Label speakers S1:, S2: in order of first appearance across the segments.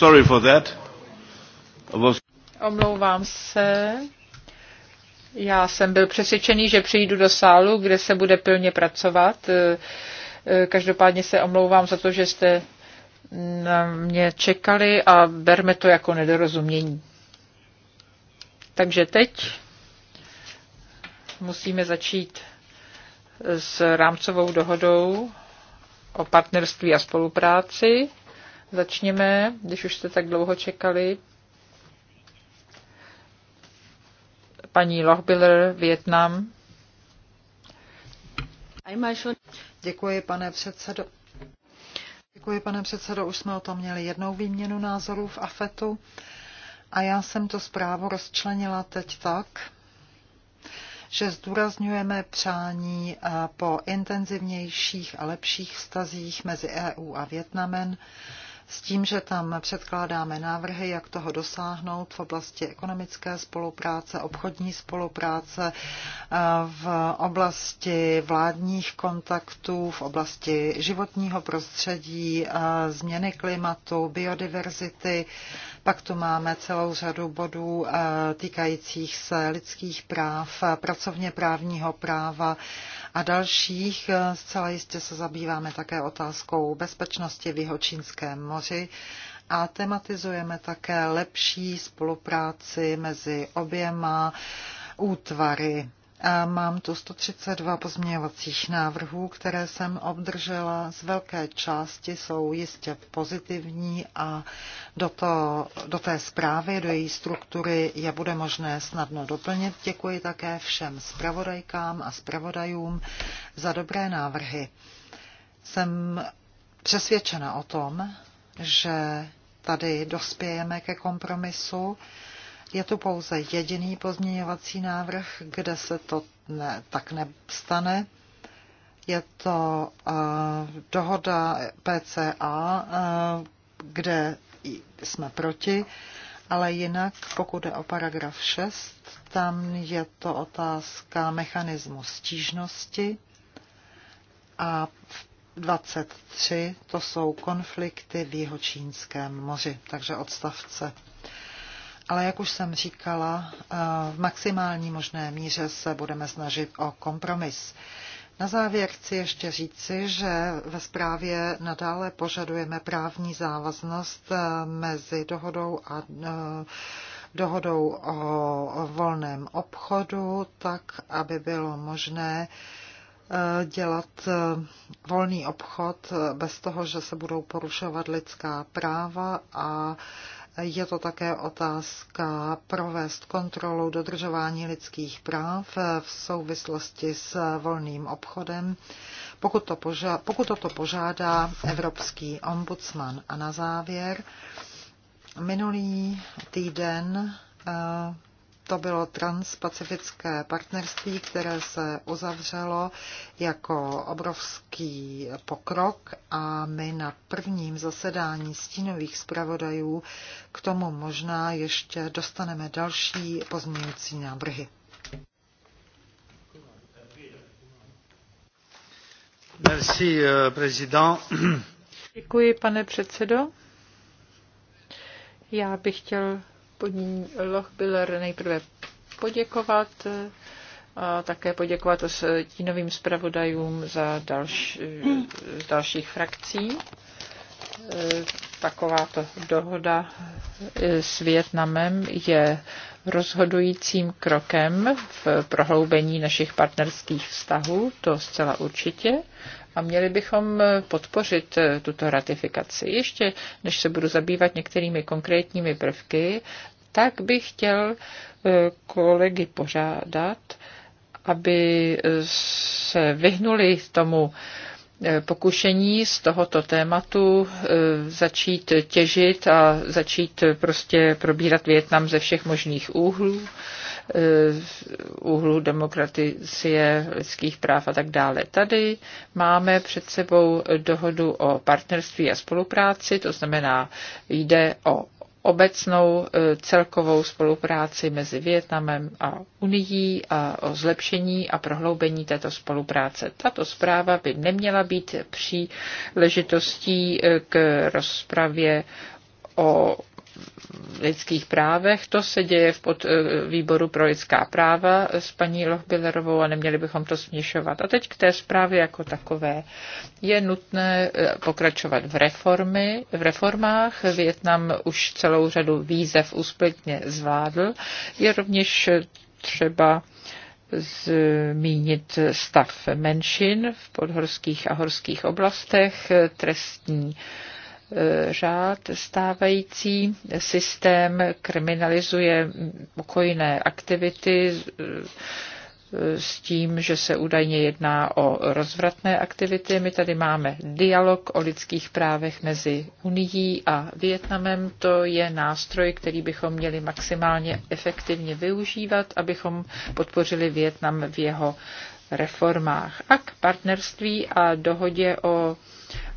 S1: sorry for that. Was...
S2: Omlouvám se. Já jsem byl přesvědčený, že přijdu do sálu, kde se bude pilně pracovat. Eh, eh, každopádně se omlouvám za to, že jste na mě čekali a berme to jako nedorozumění. Takže teď musíme začít s rámcovou dohodou o partnerství a spolupráci. Začněme, když už jste tak dlouho čekali. Paní Lochbiller, Vietnam. Děkuji, pane
S3: předsedo. Děkuji, pane předsedo. Už jsme o tom měli jednou výměnu názorů v AFETu a já jsem to zprávu rozčlenila teď tak, že zdůrazňujeme přání eh, po intenzivnějších a lepších vztazích mezi EU a Větnamem s tím, že tam předkládáme návrhy, jak toho dosáhnout v oblasti ekonomické spolupráce, obchodní spolupráce, v oblasti vládních kontaktů, v oblasti životního prostředí, změny klimatu, biodiverzity. Pak tu máme celou řadu bodů eh, týkajících se lidských práv, pracovně právního práva a dalších. Zcela jistě se zabýváme také otázkou bezpečnosti v Jihočínském moři moři a tematizujeme také lepší spolupráci mezi oběma útvary. A mám tu 132 pozměňovacích návrhů, které jsem obdržela. Z velké části jsou jistě pozitivní a do, to, do té zprávy, do její struktury je bude možné snadno doplnit. Děkuji také všem zpravodajkám a zpravodajům za dobré návrhy. Jsem přesvědčena o tom, že tady dospějeme ke kompromisu. Je tu pouze jediný pozměňovací návrh, kde se to ne, tak nestane. Je to uh, dohoda PCA, uh, eh, kde jsme proti, ale jinak, pokud je o paragraf 6, tam je to otázka mechanismu stížnosti a v 23, to jsou konflikty v Jihočínském moři, takže odstavce. Ale jak už jsem říkala, eh, v maximální možné míře se budeme snažit o kompromis. Na závěr chci ještě říci, že ve zprávě nadále požadujeme právní závaznost eh, mezi dohodou a eh, dohodou o volném obchodu, tak aby bylo možné dělat eh, volný obchod eh, bez toho, že se budou porušovat lidská práva a je to také otázka provést kontrolu dodržování lidských práv eh, v souvislosti s volným obchodem, pokud, to poža- pokud toto požádá Evropský ombudsman. A na závěr, minulý týden to bylo transpacifické partnerství, které se uzavřelo jako obrovský pokrok a my na prvním zasedání stínových zpravodajů k tomu možná ještě dostaneme další pozměňující návrhy.
S1: Merci, euh, président.
S2: Děkuji, pane předsedo. Já bych chtěl Podní Lochbiller nejprve poděkovat a také poděkovat stínovým zpravodajům za další, dalších frakcí takováto dohoda e, s Větnamem je rozhodujícím krokem v prohloubení našich partnerských vztahů, to zcela určitě, a měli bychom podpořit e, tuto ratifikaci. Ještě než se budu zabývat některými konkrétními prvky, tak bych chtěl e, kolegy požádat, aby se vyhnuli tomu Eh, pokušení z tohoto tématu eh, začít těžit a začít prostě probírat Větnam ze všech možných úhlů, eh, úhlu demokracie, lidských práv a tak dále. Tady máme před sebou dohodu o partnerství a spolupráci, to znamená, jde o obecnou e, celkovou spolupráci mezi Větnamem a Unií a o zlepšení a prohloubení této spolupráce. Tato zpráva by neměla být příležitostí e, k rozpravě o lidských právech. To se děje v pod, eh, výboru pro lidská práva s paní Lochbillerovou a neměli bychom to směšovat. A teď k té zprávě jako takové. Je nutné eh, pokračovat v, reformy, v reformách. Větnam už celou řadu výzev úspěšně zvládl. Je rovněž třeba zmínit stav menšin v podhorských a horských oblastech, trestní řád stávající systém kriminalizuje pokojné aktivity s tím, že se údajně jedná o rozvratné aktivity. My tady máme dialog o lidských právech mezi Unií a Vietnamem. To je nástroj, který bychom měli maximálně efektivně využívat, abychom podpořili Vietnam v jeho reformách a k partnerství a dohodě o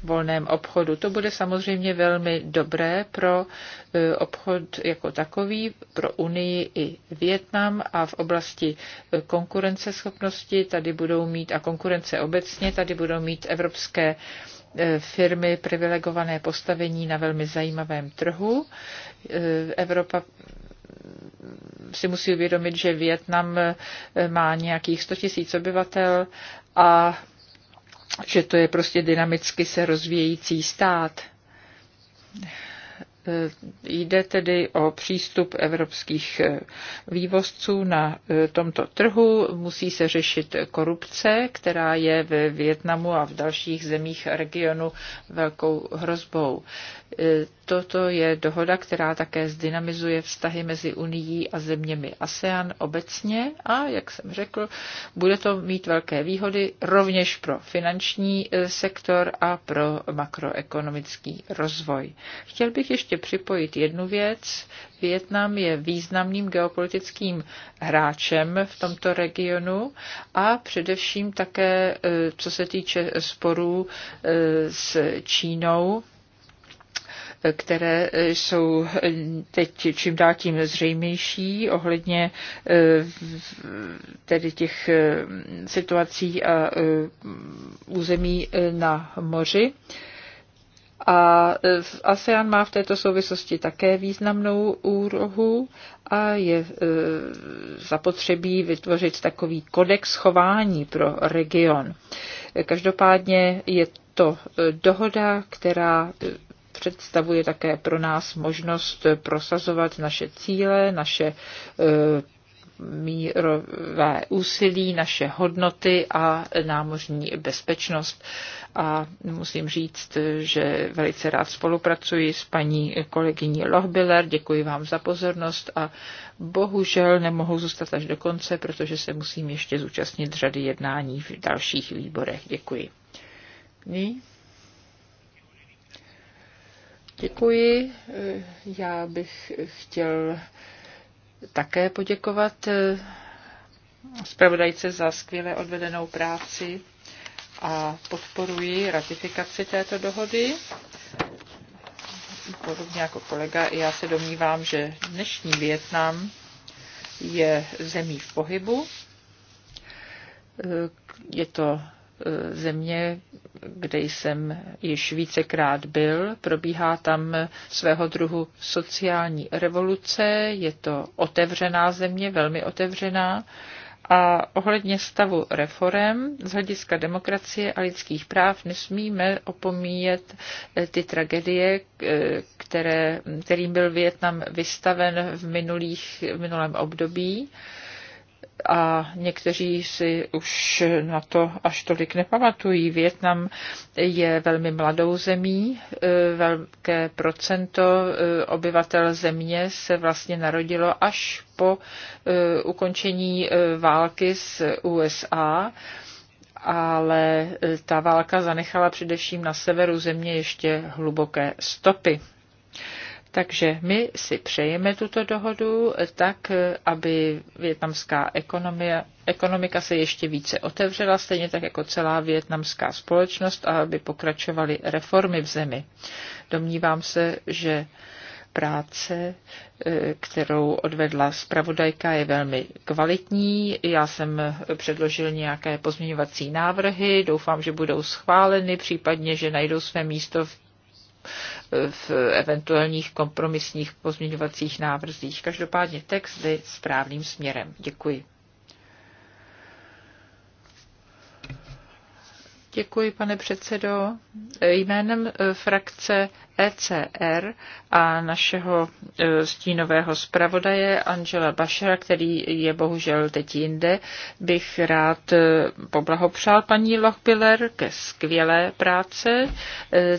S2: volném obchodu. To bude samozřejmě velmi dobré pro e, obchod jako takový, pro Unii i Větnam a v oblasti e, konkurenceschopnosti tady budou mít a konkurence obecně, tady budou mít evropské e, firmy privilegované postavení na velmi zajímavém trhu. Evropa si musí uvědomit, že Větnam má nějakých 100 tisíc obyvatel a že to je prostě dynamicky se rozvíjející stát. Eh, jde tedy o přístup evropských eh, vývozců na eh, tomto trhu. Musí se řešit korupce, která je ve Větnamu a v dalších zemích regionu velkou hrozbou. Toto je dohoda, která také zdynamizuje vztahy mezi Unií a zeměmi ASEAN obecně a, jak jsem řekl, bude to mít velké výhody rovněž pro finanční sektor a pro makroekonomický rozvoj. Chtěl bych ještě ještě připojit jednu věc. Vietnam je významným geopolitickým hráčem v tomto regionu a především také, e, co se týče sporů e, s Čínou, e, které jsou teď čím dál tím zřejmější ohledně tedy těch situací a území na moři. A e, ASEAN má v této souvislosti také významnou úrohu a je e, zapotřebí vytvořit takový kodex chování pro region. Každopádně je to e, dohoda, která představuje také pro nás možnost prosazovat naše cíle, naše mírové úsilí, naše hodnoty a námořní bezpečnost. A musím říct, že velice rád spolupracuji s paní kolegyní Lohbiller. Děkuji vám za pozornost a bohužel nemohu zůstat až do konce, protože se musím ještě zúčastnit řady jednání v dalších výborech. Děkuji. Ní? Děkuji. Já bych chtěl také poděkovat eh, zpravodajce za skvěle odvedenou práci a podporuji ratifikaci této dohody. Podobně jako kolega, já se domnívám, že dnešní Větnam je zemí v pohybu. Eh, je to Eh, země, kde jsem již vícekrát byl. Probíhá tam svého druhu sociální revoluce, je to otevřená země, velmi otevřená. A ohledně stavu reform z hlediska demokracie a lidských práv nesmíme opomíjet eh, ty tragédie, eh, které, kterým byl Větnam vystaven v, minulých, v minulém období a někteří si už na to až tolik nepamatují. Větnam je velmi mladou zemí, e, velké procento e, obyvatel země se vlastně narodilo až po e, ukončení války s USA ale ta válka zanechala především na severu země ještě hluboké stopy. Takže my si přejeme tuto dohodu tak, aby větnamská ekonomie, ekonomika se ještě více otevřela, stejně tak jako celá větnamská společnost, a aby pokračovaly reformy v zemi. Domnívám se, že práce, eh, kterou odvedla zpravodajka, je velmi kvalitní. Já jsem předložil nějaké pozměňovací návrhy, doufám, že budou schváleny, případně, že najdou své místo v v eventuálních kompromisních pozměňovacích návrzích. Každopádně text jde správným směrem. Děkuji. Děkuji, pane předsedo. Jménem eh, frakce ECR a našeho e, stínového zpravodaje Angela Bašera, který je bohužel teď jinde, bych rád e, poblahopřál paní Lochbiller ke skvělé práce.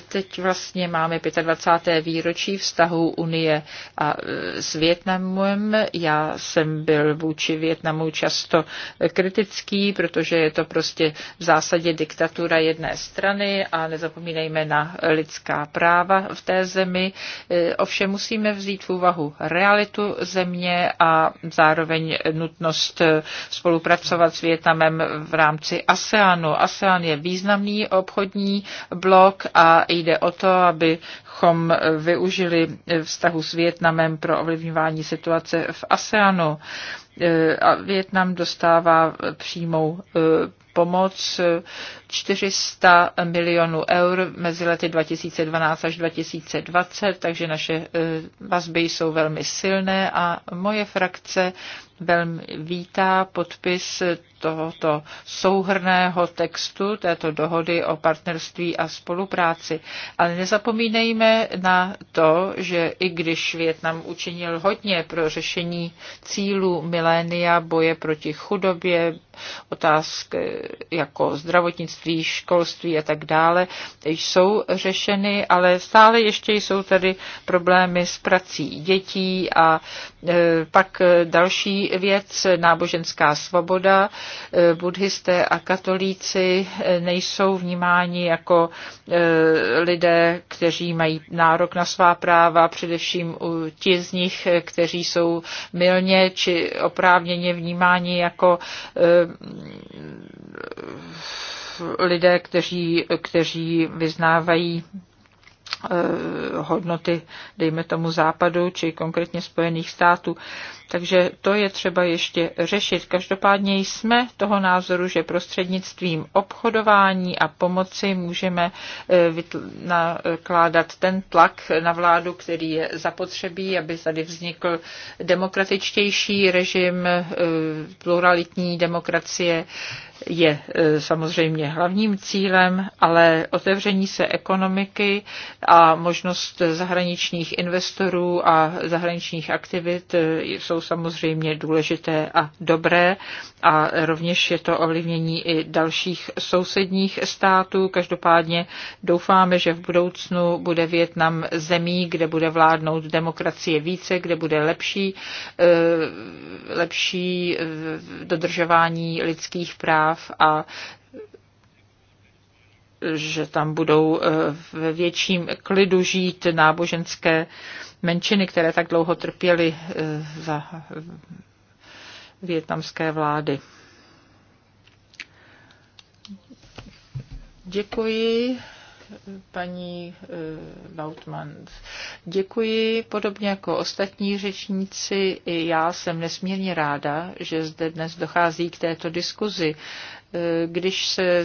S2: Teď vlastně máme 25. výročí vztahu Unie a e, s Větnamem. Já jsem byl vůči Větnamu často kritický, protože je to prostě v zásadě diktatura jedné strany a nezapomínejme na lidská práva v té zemi. E, ovšem musíme vzít v úvahu realitu země a zároveň nutnost e, spolupracovat s Větnamem v rámci ASEANu. ASEAN je významný obchodní blok a jde o to, abychom využili vztahu s Větnamem pro ovlivňování situace v ASEANu. E, a Větnam dostává přímou pomoc 400 milionů eur mezi lety 2012 až 2020, takže naše eh, vazby jsou velmi silné a moje frakce velmi vítá podpis tohoto souhrného textu, této dohody o partnerství a spolupráci. Ale nezapomínejme na to, že i když Větnam učinil hodně pro řešení cílů milénia, boje proti chudobě, otázky jako zdravotnictví, zdravotnictví, školství a tak dále jsou řešeny, ale stále ještě jsou tady problémy s prací dětí a e, pak další věc, náboženská svoboda. E, buddhisté a katolíci e, nejsou vnímáni jako lidé, kteří mají nárok na svá práva, především u ti z nich, kteří jsou milně či oprávněně vnímáni jako lidé, kteří, kteří vyznávají eh, hodnoty, dejme tomu západu, či konkrétně Spojených států. Takže to je třeba ještě řešit. Každopádně jsme toho názoru, že prostřednictvím obchodování a pomoci můžeme eh, nakládat ten tlak na vládu, který je zapotřebí, aby tady vznikl demokratičtější režim, eh, pluralitní demokracie je eh, samozřejmě hlavním cílem, ale otevření se ekonomiky a možnost zahraničních investorů a zahraničních aktivit jsou jsou samozřejmě důležité a dobré a rovněž je to ovlivnění i dalších sousedních států. Každopádně doufáme, že v budoucnu bude Větnam zemí, kde bude vládnout demokracie více, kde bude lepší, eh, lepší eh, dodržování lidských práv a že tam budou eh, ve větším klidu žít náboženské menšiny, které tak dlouho trpěly eh, za eh, větnamské vlády. Děkuji, paní Lautman. Děkuji, podobně jako ostatní řečníci, i já jsem nesmírně ráda, že zde dnes dochází k této diskuzi když se,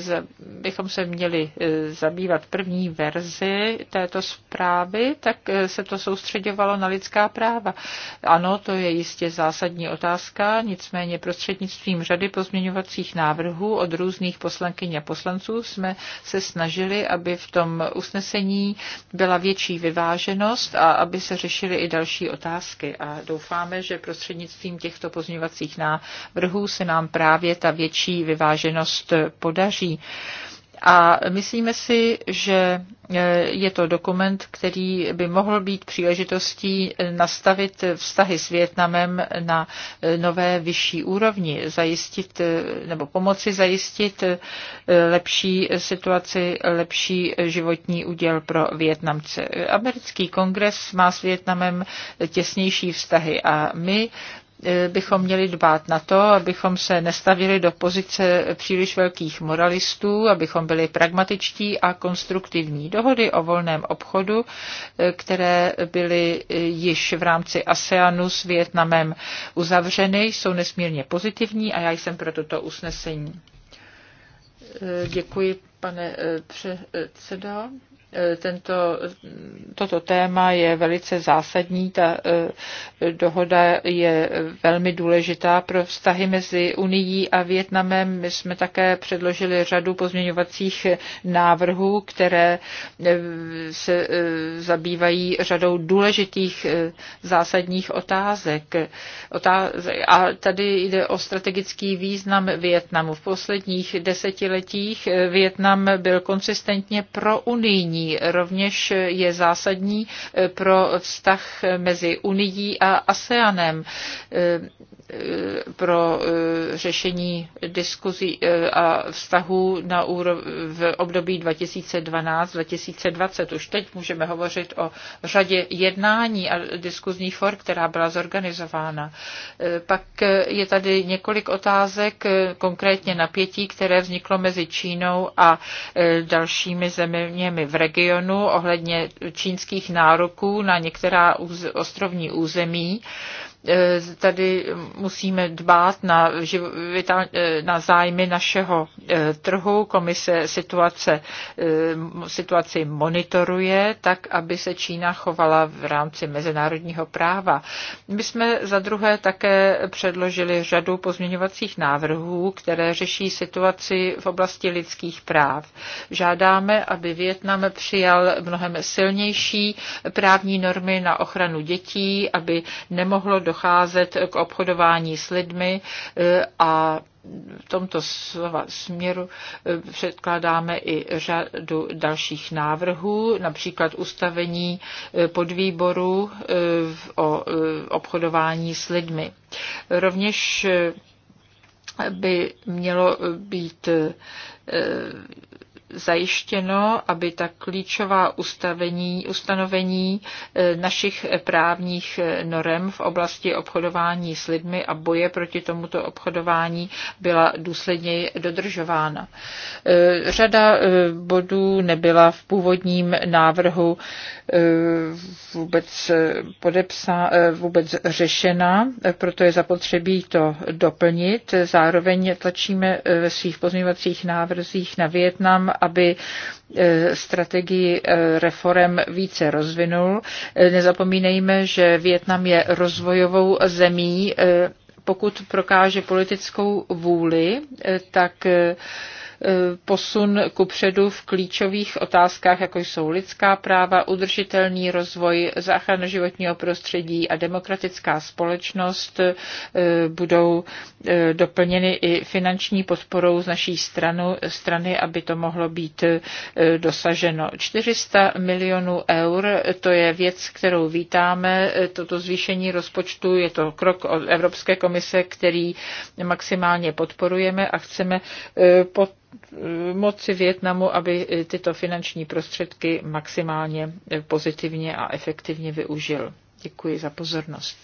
S2: bychom se měli e, zabývat první verzi této zprávy, tak e, se to soustředovalo na lidská práva. Ano, to je jistě zásadní otázka, nicméně prostřednictvím řady pozměňovacích návrhů od různých poslankyň a poslanců jsme se snažili, aby v tom usnesení byla větší vyváženost a aby se řešily i další otázky. A doufáme, že prostřednictvím těchto pozměňovacích návrhů se nám právě ta větší vyváženost činnost podaří. A myslíme si, že e, je to dokument, který by mohl být příležitostí nastavit vztahy s Větnamem na e, nové vyšší úrovni, zajistit e, nebo pomoci zajistit lepší situaci, lepší životní úděl pro Větnamce. Americký kongres má s Větnamem těsnější vztahy a my E, bychom měli dbát na to, abychom se nestavili do pozice příliš velkých moralistů, abychom byli pragmatičtí a konstruktivní. Dohody o volném obchodu, e, které byly e, již v rámci ASEANu s Větnamem uzavřeny, jsou nesmírně pozitivní a já jsem pro toto usnesení. Děkuji, pane předsedo. E, tento, toto téma je velice zásadní. Ta e, dohoda je velmi důležitá pro vztahy mezi Unií a Větnamem. My jsme také předložili řadu pozměňovacích návrhů, které e, se zabývají řadou důležitých zásadních otázek. A tady jde o strategický význam Větnamu. V posledních desetiletích Větnam byl konsistentně pro unijní jednání. Rovněž je zásadní eh, pro vztah mezi Unií a ASEANem. Eh, Eh, pro eh, řešení diskuzí eh, a vztahů na úro... v období 2012-2020. Už teď můžeme hovořit o řadě jednání a diskuzních for, která byla zorganizována. Pak je tady několik otázek, konkrétně napětí, které vzniklo mezi Čínou a dalšími zeměmi v regionu ohledně čínských nároků na některá ostrovní území. Eh, tady musíme dbát na, eh, na zájmy našeho eh, trhu. Komise situace, situaci monitoruje tak, aby se Čína chovala v rámci mezinárodního práva. My jsme za druhé také předložili řadu pozměňovacích návrhů, které řeší situaci v oblasti lidských práv. Žádáme, aby Větnam přijal mnohem silnější právní normy na ochranu dětí, aby nemohlo docházet k obchodování s lidmi eh, a v tomto směru eh, předkládáme i řadu dalších návrhů, například ustavení eh, podvýboru o obchodování s lidmi. Rovněž by mělo být zajištěno, aby ta klíčová ustavení, ustanovení e, našich právních e, norem v oblasti obchodování s lidmi a boje proti tomuto obchodování byla důsledně dodržována. E, řada bodů nebyla v původním návrhu vůbec, podepsa, vůbec řešena, proto je zapotřebí to doplnit. Zároveň tlačíme ve svých pozměňovacích návrzích na Větnam aby e, strategii e, reform více rozvinul. E, nezapomínejme, že Větnam je rozvojovou zemí. Pokud prokáže politickou vůli, tak E, posun ku předu v klíčových otázkách, jako jsou lidská práva, udržitelný rozvoj, záchrana životního prostředí a demokratická společnost, e, budou e, doplněny i finanční podporou z naší stranu, strany, aby to mohlo být dosaženo. 400 milionů eur, to je věc, kterou vítáme, toto zvýšení rozpočtu, je to krok od Evropské komise, který maximálně podporujeme a chceme pod moci Větnamu, aby tyto finanční prostředky maximálně pozitivně a efektivně využil. Děkuji za pozornost.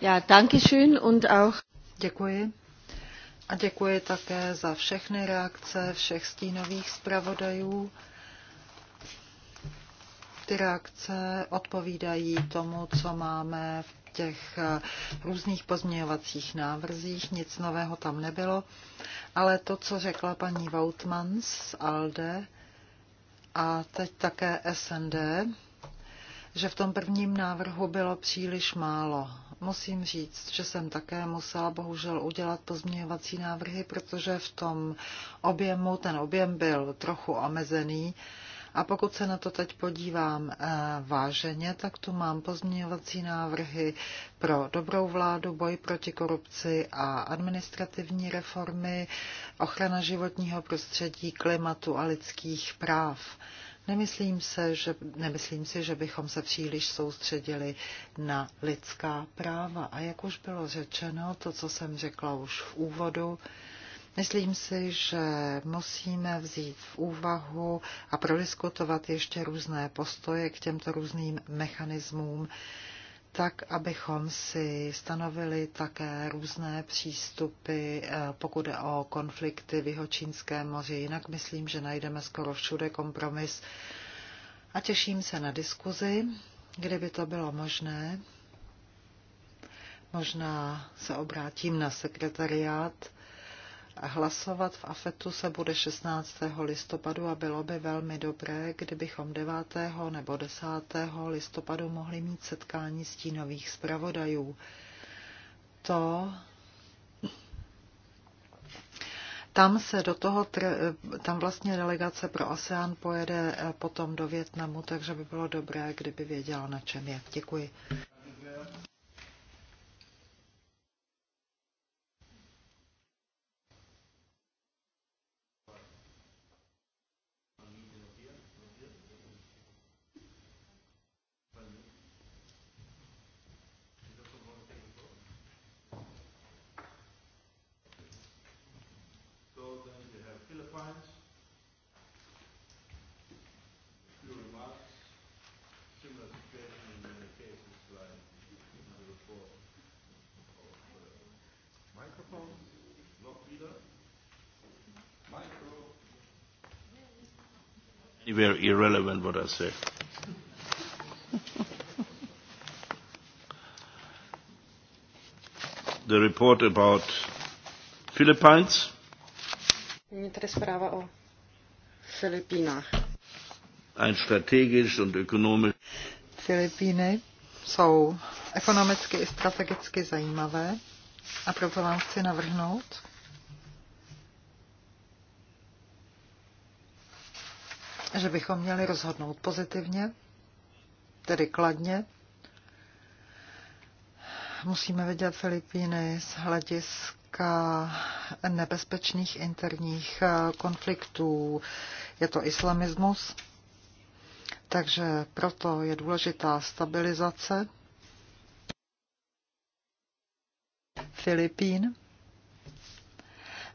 S3: Ja, danke schön und auch děkuji. A děkuji také za všechny reakce všech stínových zpravodajů. Ty reakce odpovídají tomu, co máme v těch eh, různých pozměňovacích návrzích, nic nového tam nebylo, ale to, co řekla paní Vautmans z ALDE a teď také SND, že v tom prvním návrhu bylo příliš málo. Musím říct, že jsem také musela bohužel udělat pozměňovací návrhy, protože v tom objemu, ten objem byl trochu omezený, a pokud se na to teď podívám eh, váženě, tak tu mám pozměňovací návrhy pro dobrou vládu, boj proti korupci a administrativní reformy, ochrana životního prostředí, klimatu a lidských práv. Nemyslím, se, že, nemyslím si, že bychom se příliš soustředili na lidská práva. A jak už bylo řečeno, to, co jsem řekla už v úvodu, Myslím si, že musíme vzít v úvahu a prodiskutovat ještě různé postoje k těmto různým mechanismům, tak, abychom si stanovili také různé přístupy, eh, pokud jde o konflikty v Jihočínském moři. Jinak myslím, že najdeme skoro všude kompromis a těším se na diskuzi, kdyby to bylo možné. Možná se obrátím na sekretariát Hlasovat v AFETu se bude 16. listopadu a bylo by velmi dobré, kdybychom 9. nebo 10. listopadu mohli mít setkání stínových zpravodajů. To tam se do toho, tam vlastně delegace pro ASEAN pojede potom do Větnamu, takže by bylo dobré, kdyby věděla, na čem je. Děkuji.
S1: relevant what I say. the report about Philippines.
S4: Nyní tady zpráva o Filipínách.
S1: Ein strategisch und ökonomisch.
S3: Filipíny jsou ekonomicky i strategicky zajímavé a proto vám chci navrhnout, že bychom měli rozhodnout pozitivně, tedy kladně. Musíme vidět Filipíny z hlediska nebezpečných interních eh, konfliktů. Je to islamismus, takže proto je důležitá stabilizace Filipín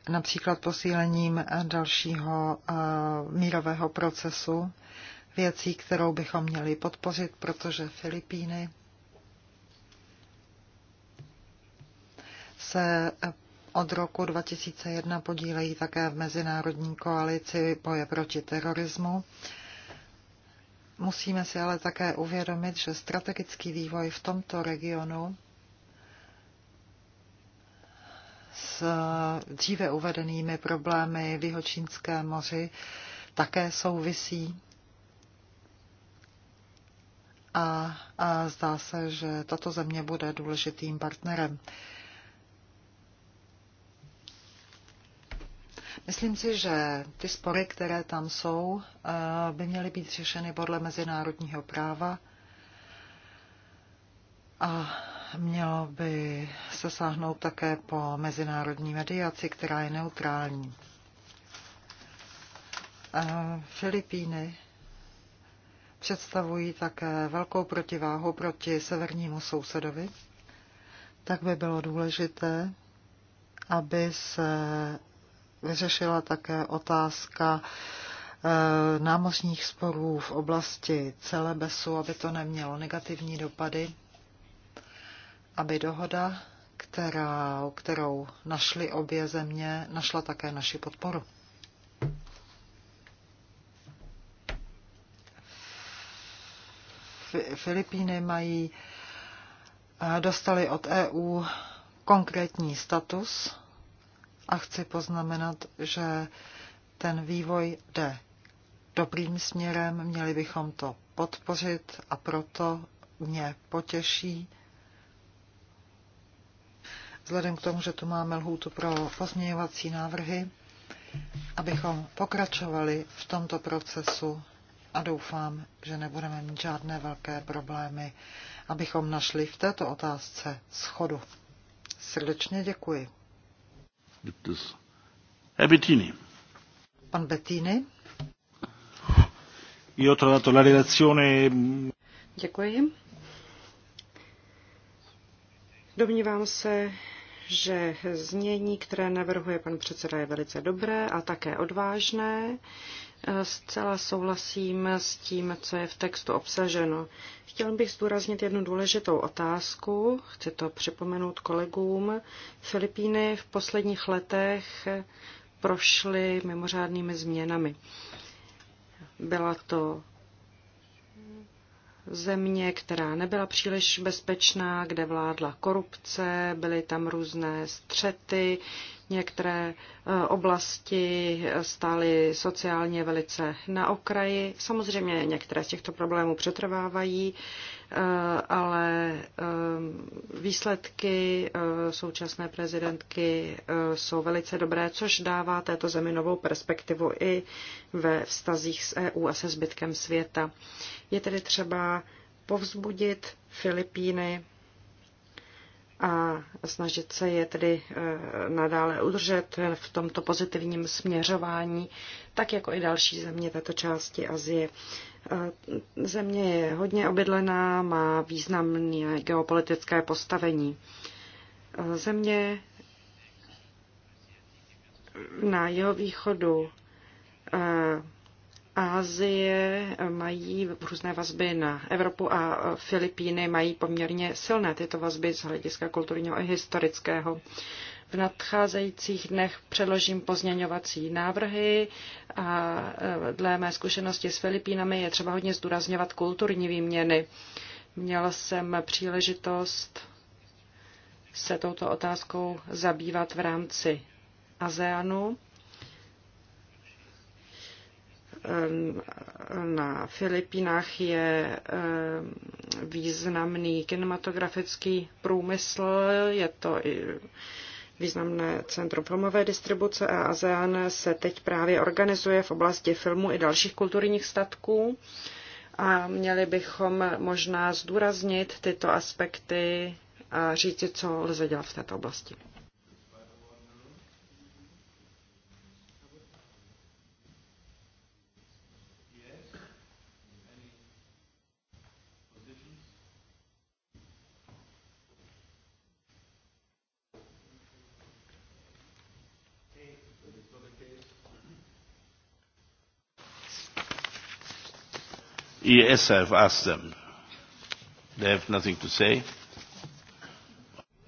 S3: například posílením dalšího eh, mírového procesu, věcí, kterou bychom měli podpořit, protože Filipíny se eh, od roku 2001 podílejí také v Mezinárodní koalici boje proti terorismu. Musíme si ale také uvědomit, že strategický vývoj v tomto regionu s dříve uvedenými problémy v Jihočínské moři také souvisí. A, a zdá se, že tato země bude důležitým partnerem. Myslím si, že ty spory, které tam jsou, eh, by měly být řešeny podle mezinárodního práva. A Mělo by se sáhnout také po mezinárodní mediaci, která je neutrální. Filipíny představují také velkou protiváhu proti severnímu sousedovi. Tak by bylo důležité, aby se vyřešila také otázka eh, námořních sporů v oblasti Celebesu, aby to nemělo negativní dopady aby dohoda, která, kterou našly obě země, našla také naši podporu. Filipíny mají, eh, dostali od EU konkrétní status a chci poznamenat, že ten vývoj jde dobrým směrem, měli bychom to podpořit a proto mě potěší, vzhledem k tomu, že tu máme lhůtu pro pozměňovací návrhy, abychom pokračovali v tomto procesu a doufám, že nebudeme mít žádné velké problémy, abychom našli v této otázce schodu. Srdečně děkuji. Bettini. Pan Bettini.
S1: Io ho la
S4: Děkuji. Domnívám se, že znění, které navrhuje pan předseda, je velice dobré a také odvážné. E, zcela souhlasím s tím, co je v textu obsaženo. Chtěl bych zdůraznit jednu důležitou otázku. Chci to připomenout kolegům. Filipíny v posledních letech prošly mimořádnými změnami. Byla to země, která nebyla příliš bezpečná, kde vládla korupce, byly tam různé střety, některé e, oblasti stály sociálně velice na okraji. Samozřejmě některé z těchto problémů přetrvávají, Eh, ale eh, výsledky eh, současné prezidentky jsou velice dobré, což dává této zemi novou perspektivu i ve vztazích s EU a se zbytkem světa. Je tedy třeba povzbudit Filipíny a snažit se je tedy nadále udržet v tomto pozitivním směřování, tak jako i další země této části Azie. Eh, země je hodně obydlená, má významné geopolitické postavení. Eh, země na jeho východu eh, Asie mají různé vazby na Evropu a Filipíny mají poměrně silné tyto vazby z hlediska kulturního i historického. V nadcházejících dnech předložím pozměňovací návrhy a e, dle mé zkušenosti s Filipínami je třeba hodně zdůrazňovat kulturní výměny. Měl jsem příležitost se touto otázkou zabývat v rámci ASEANu e, na Filipínách je e, významný kinematografický průmysl, je to i významné centrum filmové distribuce a ASEAN se teď právě organizuje v oblasti filmu i dalších kulturních statků a měli bychom možná zdůraznit tyto aspekty a říci, co lze dělat v této oblasti.
S1: ES have asked them. They have nothing to say.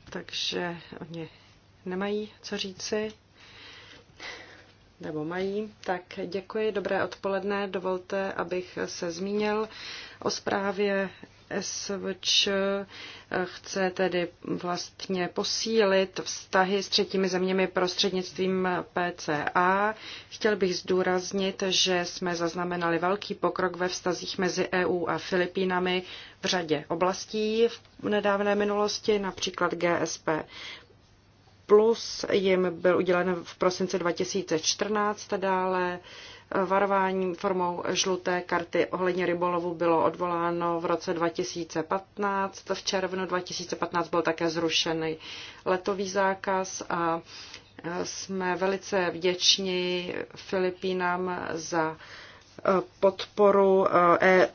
S4: Takže oni nemají co říci, nebo mají. Tak děkuji, dobré odpoledne. Dovolte, abych se zmínil o zprávě SVČ eh, chce tedy vlastně posílit vztahy s třetími zeměmi prostřednictvím PCA. Chtěl bych zdůraznit, že jsme zaznamenali velký pokrok ve vztazích mezi EU a Filipínami v řadě oblastí v nedávné minulosti, například GSP. Plus jim byl udělen v prosinci 2014 a dále Varování formou žluté karty ohledně rybolovu bylo odvoláno v roce 2015. V červnu 2015 byl také zrušený letový zákaz a e, jsme velice vděční Filipínám za podporu EU eh, e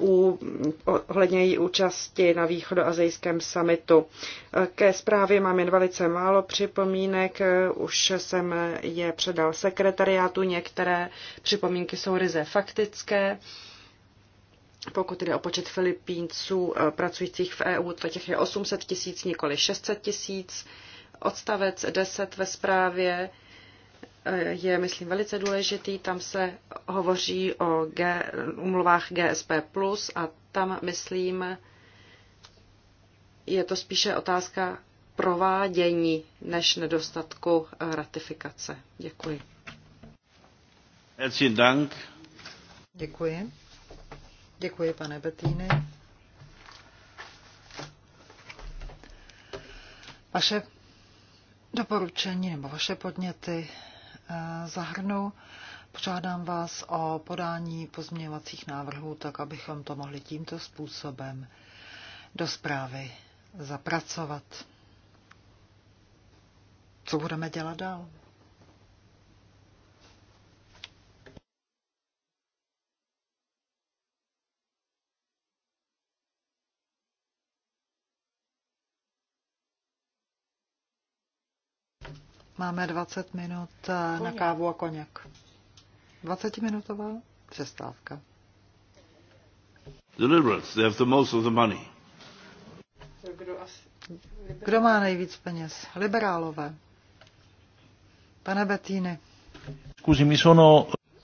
S4: ohledně její účasti na východoazijském summitu. Eh, ke zprávě mám jen velice málo připomínek, eh, už jsem je předal sekretariátu, některé připomínky jsou ryze faktické. Pokud jde o počet Filipínců pracujících v EU, to těch je 800 tisíc, nikoli 600 tisíc. Odstavec 10 ve zprávě je, myslím, velice důležitý. Tam se hovoří o G, umluvách GSP+, a tam, myslím, je to spíše otázka provádění než nedostatku eh, ratifikace. Děkuji.
S1: Dank.
S3: Děkuji. Děkuji, pane Betýny. Vaše doporučení nebo vaše podněty Eh, zahrnu. Požádám vás o podání pozměňovacích návrhů, tak abychom to mohli tímto způsobem do zprávy zapracovat. Co budeme dělat dál? Máme 20 minut koněk. Eh, na kávu a koněk. 20-minutová přestávka.
S1: The liberals, they have the most of the money.
S3: Kdo má nejvíc peněz? Liberálové.
S4: Pane Betýny.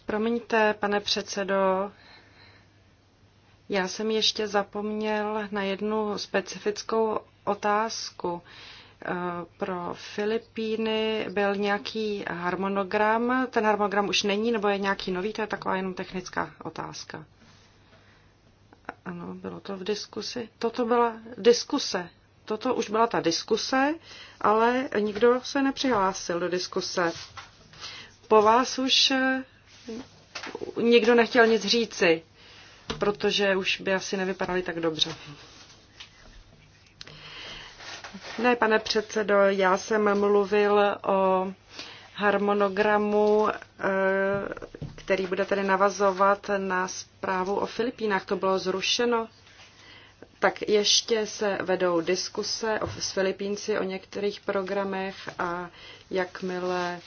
S4: Promiňte, pane předsedo, já jsem ještě zapomněl na jednu specifickou otázku pro Filipíny byl nějaký harmonogram. Ten harmonogram už není, nebo je nějaký nový? To je taková jenom technická otázka. Ano, bylo to v diskusi. Toto byla diskuse. Toto už byla ta diskuse, ale nikdo se nepřihlásil do diskuse. Po vás už eh, nikdo nechtěl nic říci, protože už by asi nevypadali tak dobře. Ne, pane předsedo, já jsem mluvil o harmonogramu, eh, který bude tedy navazovat na zprávu o Filipínách. To bylo zrušeno. Tak ještě se vedou diskuse s Filipínci o některých programech a jakmile eh,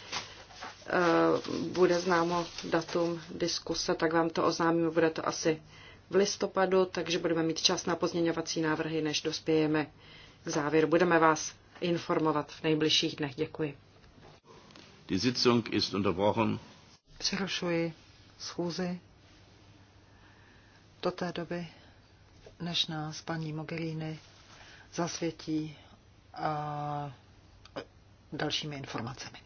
S4: bude známo datum diskuse, tak vám to oznámím. Bude to asi v listopadu, takže budeme mít čas na pozměňovací návrhy, než dospějeme závěru. Budeme vás informovat v nejbližších dnech. Děkuji.
S1: Die Sitzung ist unterbrochen.
S3: Přerušuji schůzi do té doby, než nás paní Mogherini zasvětí a dalšími informacemi.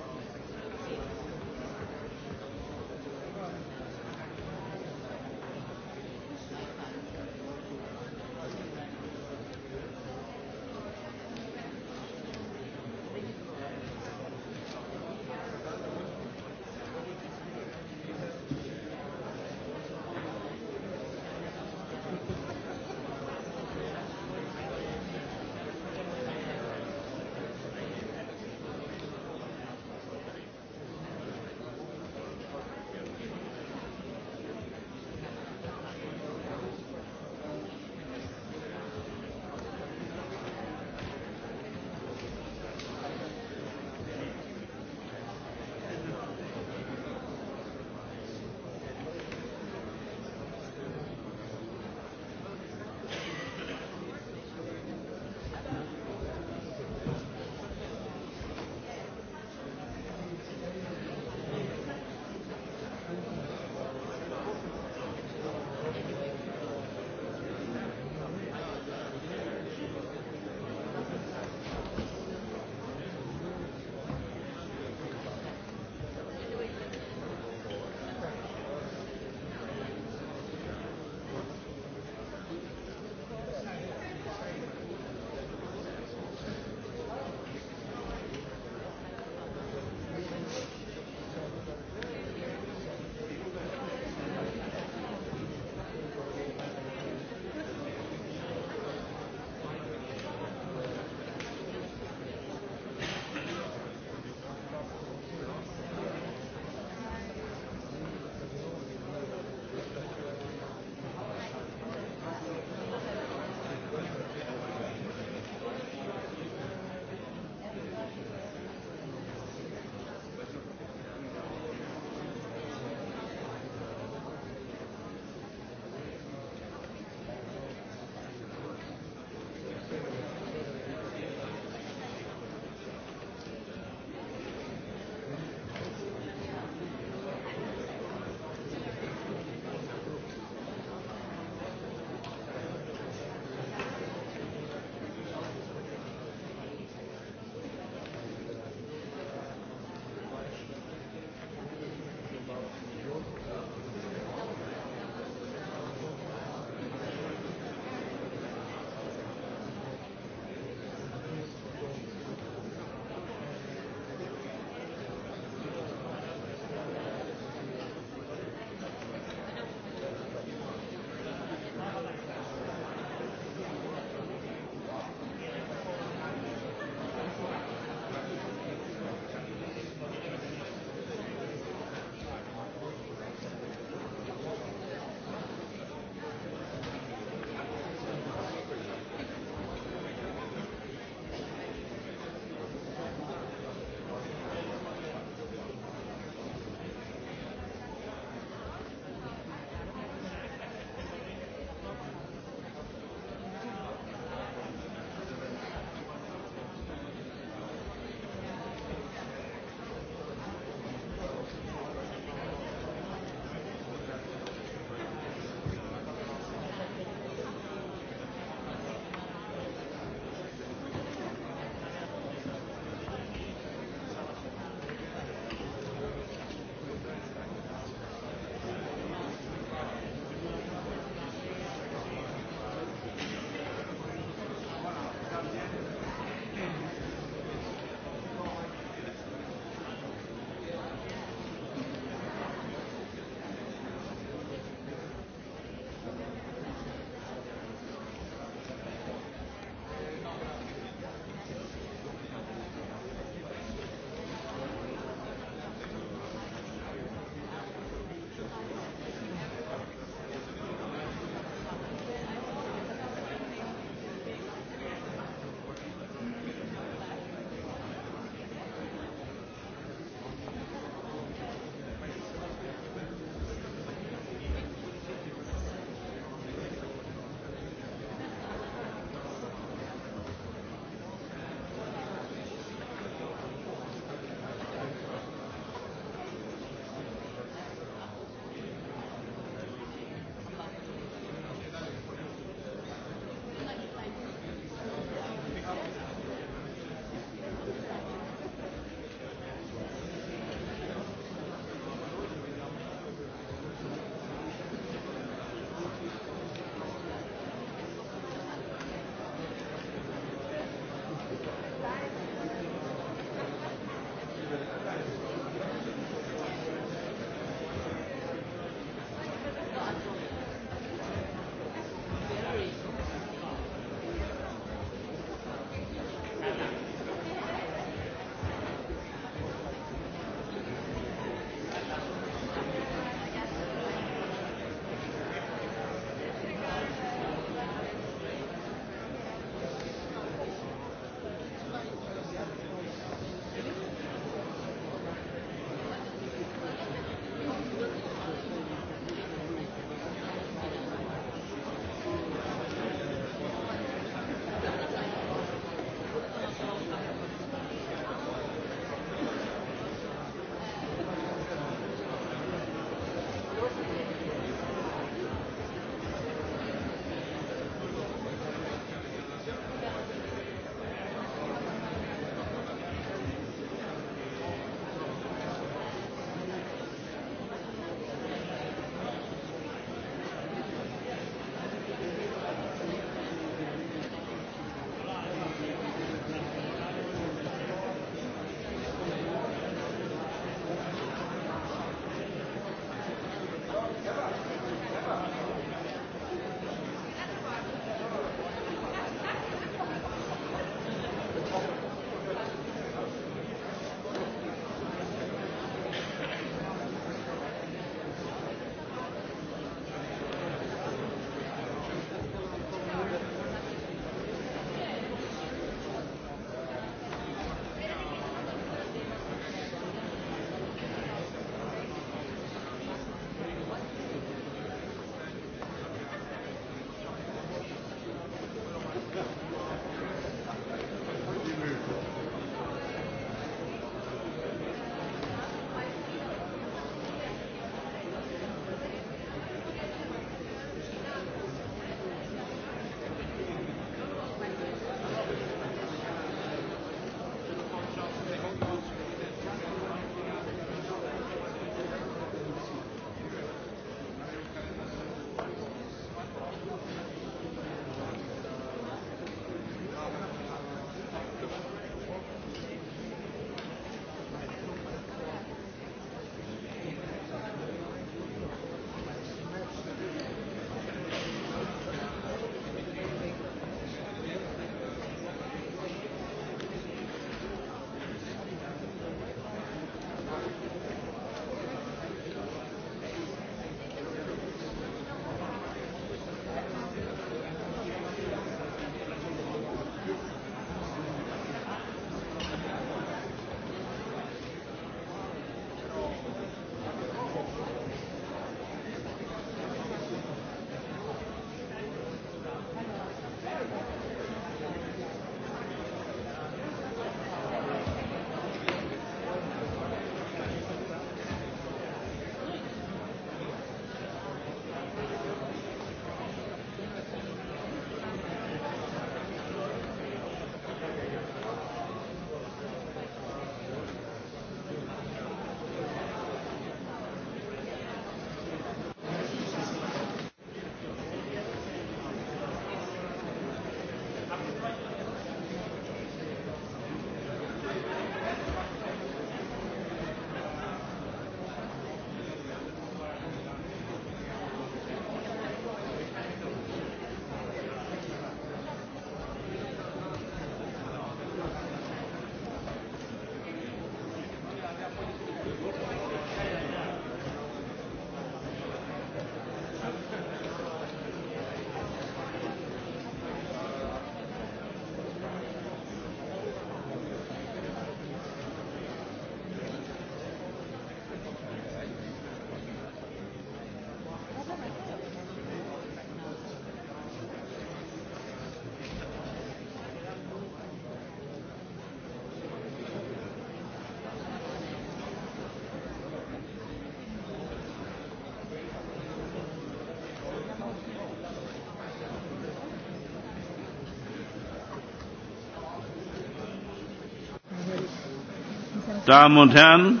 S1: und Herren,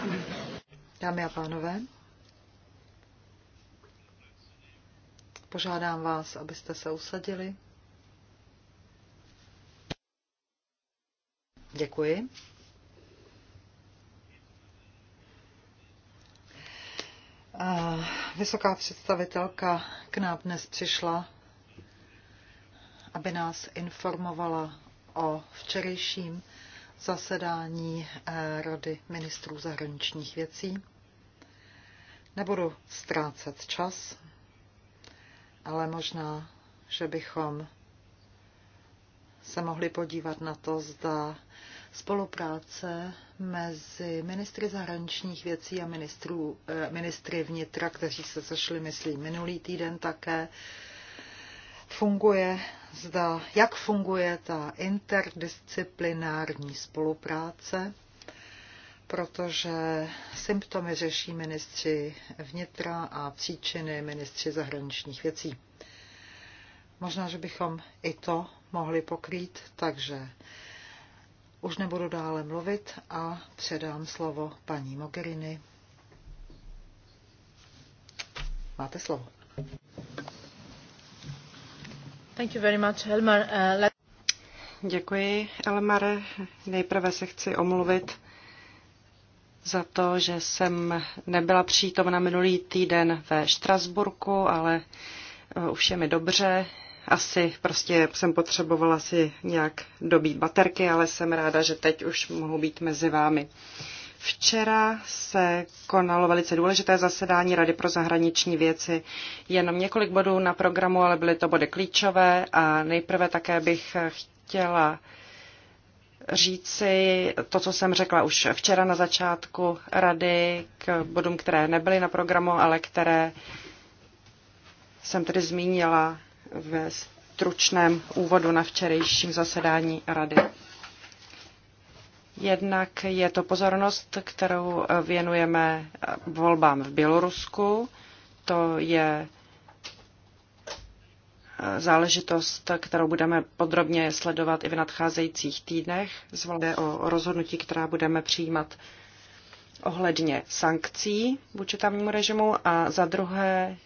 S3: Dámy a pánové, požádám vás, abyste se usadili. Děkuji. Vysoká představitelka k nám dnes přišla, aby nás informovala o včerejším zasedání eh, Rady ministrů zahraničních věcí. Nebudu ztrácet čas, ale možná, že bychom se mohli podívat na to, zda spolupráce mezi ministry zahraničních věcí a ministrů, eh, ministry vnitra, kteří se sešli, myslím, minulý týden také, funguje zda jak funguje ta interdisciplinární spolupráce, protože symptomy řeší ministři vnitra a příčiny ministři zahraničních věcí. Možná, že bychom i to mohli pokrýt, takže už nebudu dále mluvit a předám slovo paní Mogherini. Máte slovo.
S4: Uh, Děkuji, Elmar. Nejprve se chci omluvit za to, že jsem nebyla přítomna minulý týden ve Štrasburku, ale eh, už je mi dobře. Asi prostě jsem potřebovala si nějak dobít baterky, ale jsem ráda, že teď už mohu být mezi vámi. Uh, Včera se konalo velice důležité zasedání Rady pro zahraniční věci. Jenom několik bodů na programu, ale byly to body klíčové a nejprve také bych chtěla říci to, co jsem řekla už včera na začátku rady k bodům, které nebyly na programu, ale které jsem tedy zmínila ve stručném úvodu na včerejším zasedání rady. Jednak je to pozornost, kterou věnujeme volbám v Bělorusku. To je eh, záležitost, kterou budeme podrobně sledovat i v nadcházejících týdnech. Zvolíme o rozhodnutí, která budeme přijímat ohledně sankcí vůči tamnímu režimu a za druhé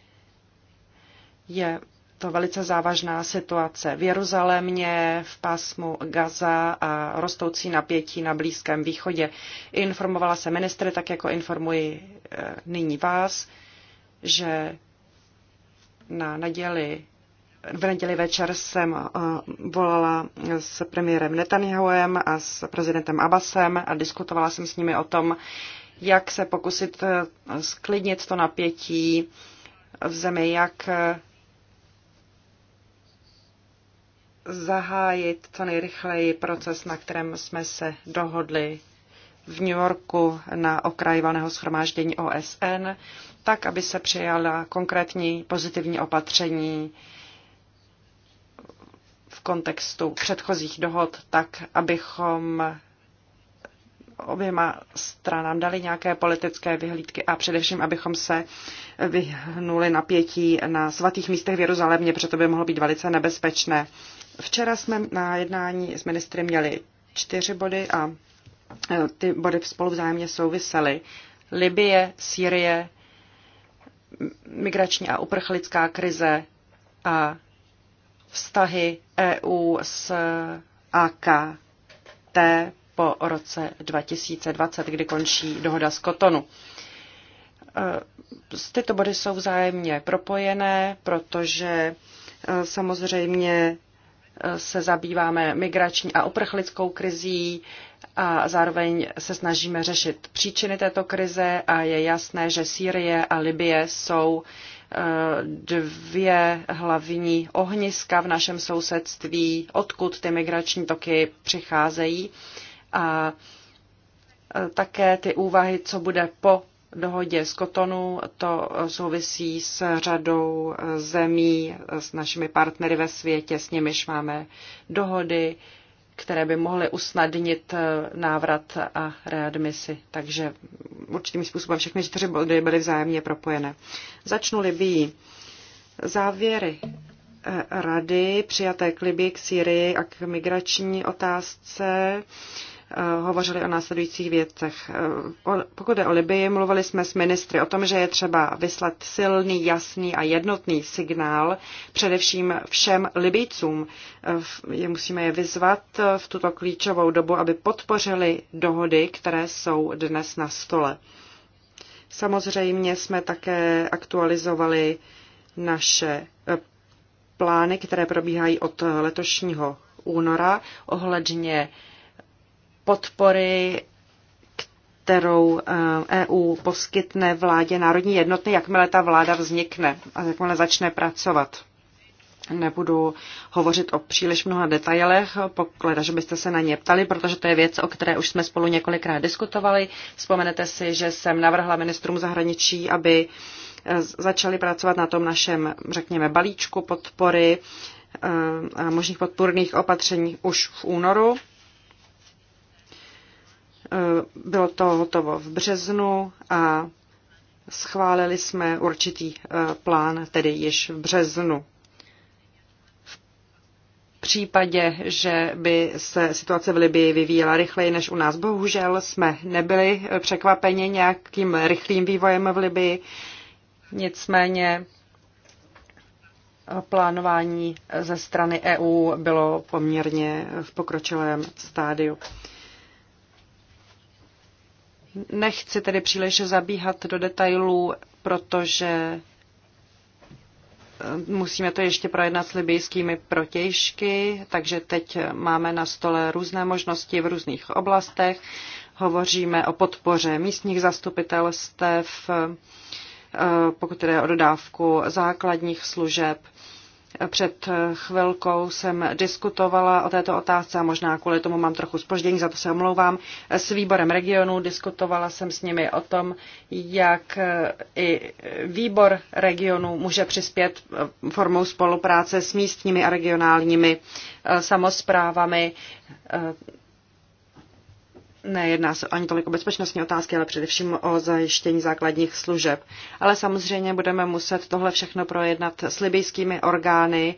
S4: je to velice závažná situace v Jeruzalémě, v pásmu Gaza a rostoucí napětí na Blízkém východě. Informovala se ministry, tak jako informuji eh, nyní vás, že na neděli, v neděli večer jsem eh, volala s premiérem Netanyahuem a s prezidentem Abbasem a diskutovala jsem s nimi o tom, jak se pokusit sklidnit eh, to napětí v zemi, jak zahájit co nejrychleji proces, na kterém jsme se dohodli v New Yorku na okraji valného schromáždění OSN, tak, aby se přijala konkrétní pozitivní opatření v kontextu předchozích dohod, tak, abychom oběma stranám dali nějaké politické vyhlídky a především, abychom se vyhnuli napětí na svatých místech v Jeruzalémě, protože to by mohlo být velice nebezpečné. Včera jsme na jednání s ministry měli čtyři body a e, ty body spolu vzájemně souvisely. Libie, Sýrie, migrační a uprchlická krize a vztahy EU s AKT po roce 2020, kdy končí dohoda z Kotonu. E, tyto body jsou vzájemně propojené, protože e, samozřejmě se zabýváme migrační a uprchlickou krizí a zároveň se snažíme řešit příčiny této krize a je jasné, že Sýrie a Libie jsou eh, dvě hlavní ohniska v našem sousedství, odkud ty migrační toky přicházejí. A eh, také ty úvahy, co bude po dohodě z Kotonu. To souvisí s řadou zemí, s našimi partnery ve světě, s nimiž máme dohody, které by mohly usnadnit eh, návrat a readmisi. Takže určitým způsobem všechny čtyři body byly vzájemně propojené. Začnu Libii. Závěry eh, rady přijaté k Libii, k Syrii a k migrační otázce Eh, hovořili o následujících věcech. Eh, pokud je o Libii, mluvili jsme s ministry o tom, že je třeba vyslat silný, jasný a jednotný signál především všem Libijcům. Eh, musíme je vyzvat v tuto klíčovou dobu, aby podpořili dohody, které jsou dnes na stole. Samozřejmě jsme také aktualizovali naše plány, které probíhají od letošního února ohledně podpory, kterou EU eh, e poskytne vládě národní jednoty, jakmile ta vláda vznikne a jakmile začne pracovat. Nebudu hovořit o příliš mnoha detailech, pokleda, že byste se na ně ptali, protože to je věc, o které už jsme spolu několikrát diskutovali. Vzpomenete si, že jsem navrhla ministrům zahraničí, aby eh, začali pracovat na tom našem, řekněme, balíčku podpory eh, a možných podpůrných opatření už v únoru. Eh, bylo to hotovo v březnu a schválili jsme určitý eh, plán, tedy již v březnu. V případě, že by se situace v Libii vyvíjela rychleji než u nás, bohužel jsme nebyli eh, překvapeni nějakým rychlým vývojem v Libii. Nicméně plánování ze strany EU bylo poměrně v pokročilém stádiu. Nechci tedy příliš zabíhat do detailů, protože eh, musíme to ještě projednat s libijskými protějšky, takže teď máme na stole různé možnosti v různých oblastech. Hovoříme o podpoře místních zastupitelstev, eh, pokud jde o dodávku základních služeb. Před chvilkou jsem diskutovala o této otázce a možná kvůli tomu mám trochu spoždění, za to se omlouvám, s výborem regionu. Diskutovala jsem s nimi o tom, jak i výbor regionu může přispět formou spolupráce s místními a regionálními eh, samozprávami eh, Nejedná se ani tolik o bezpečnostní otázky, ale především o zajištění základních služeb. Ale samozřejmě budeme muset tohle všechno projednat s libijskými orgány.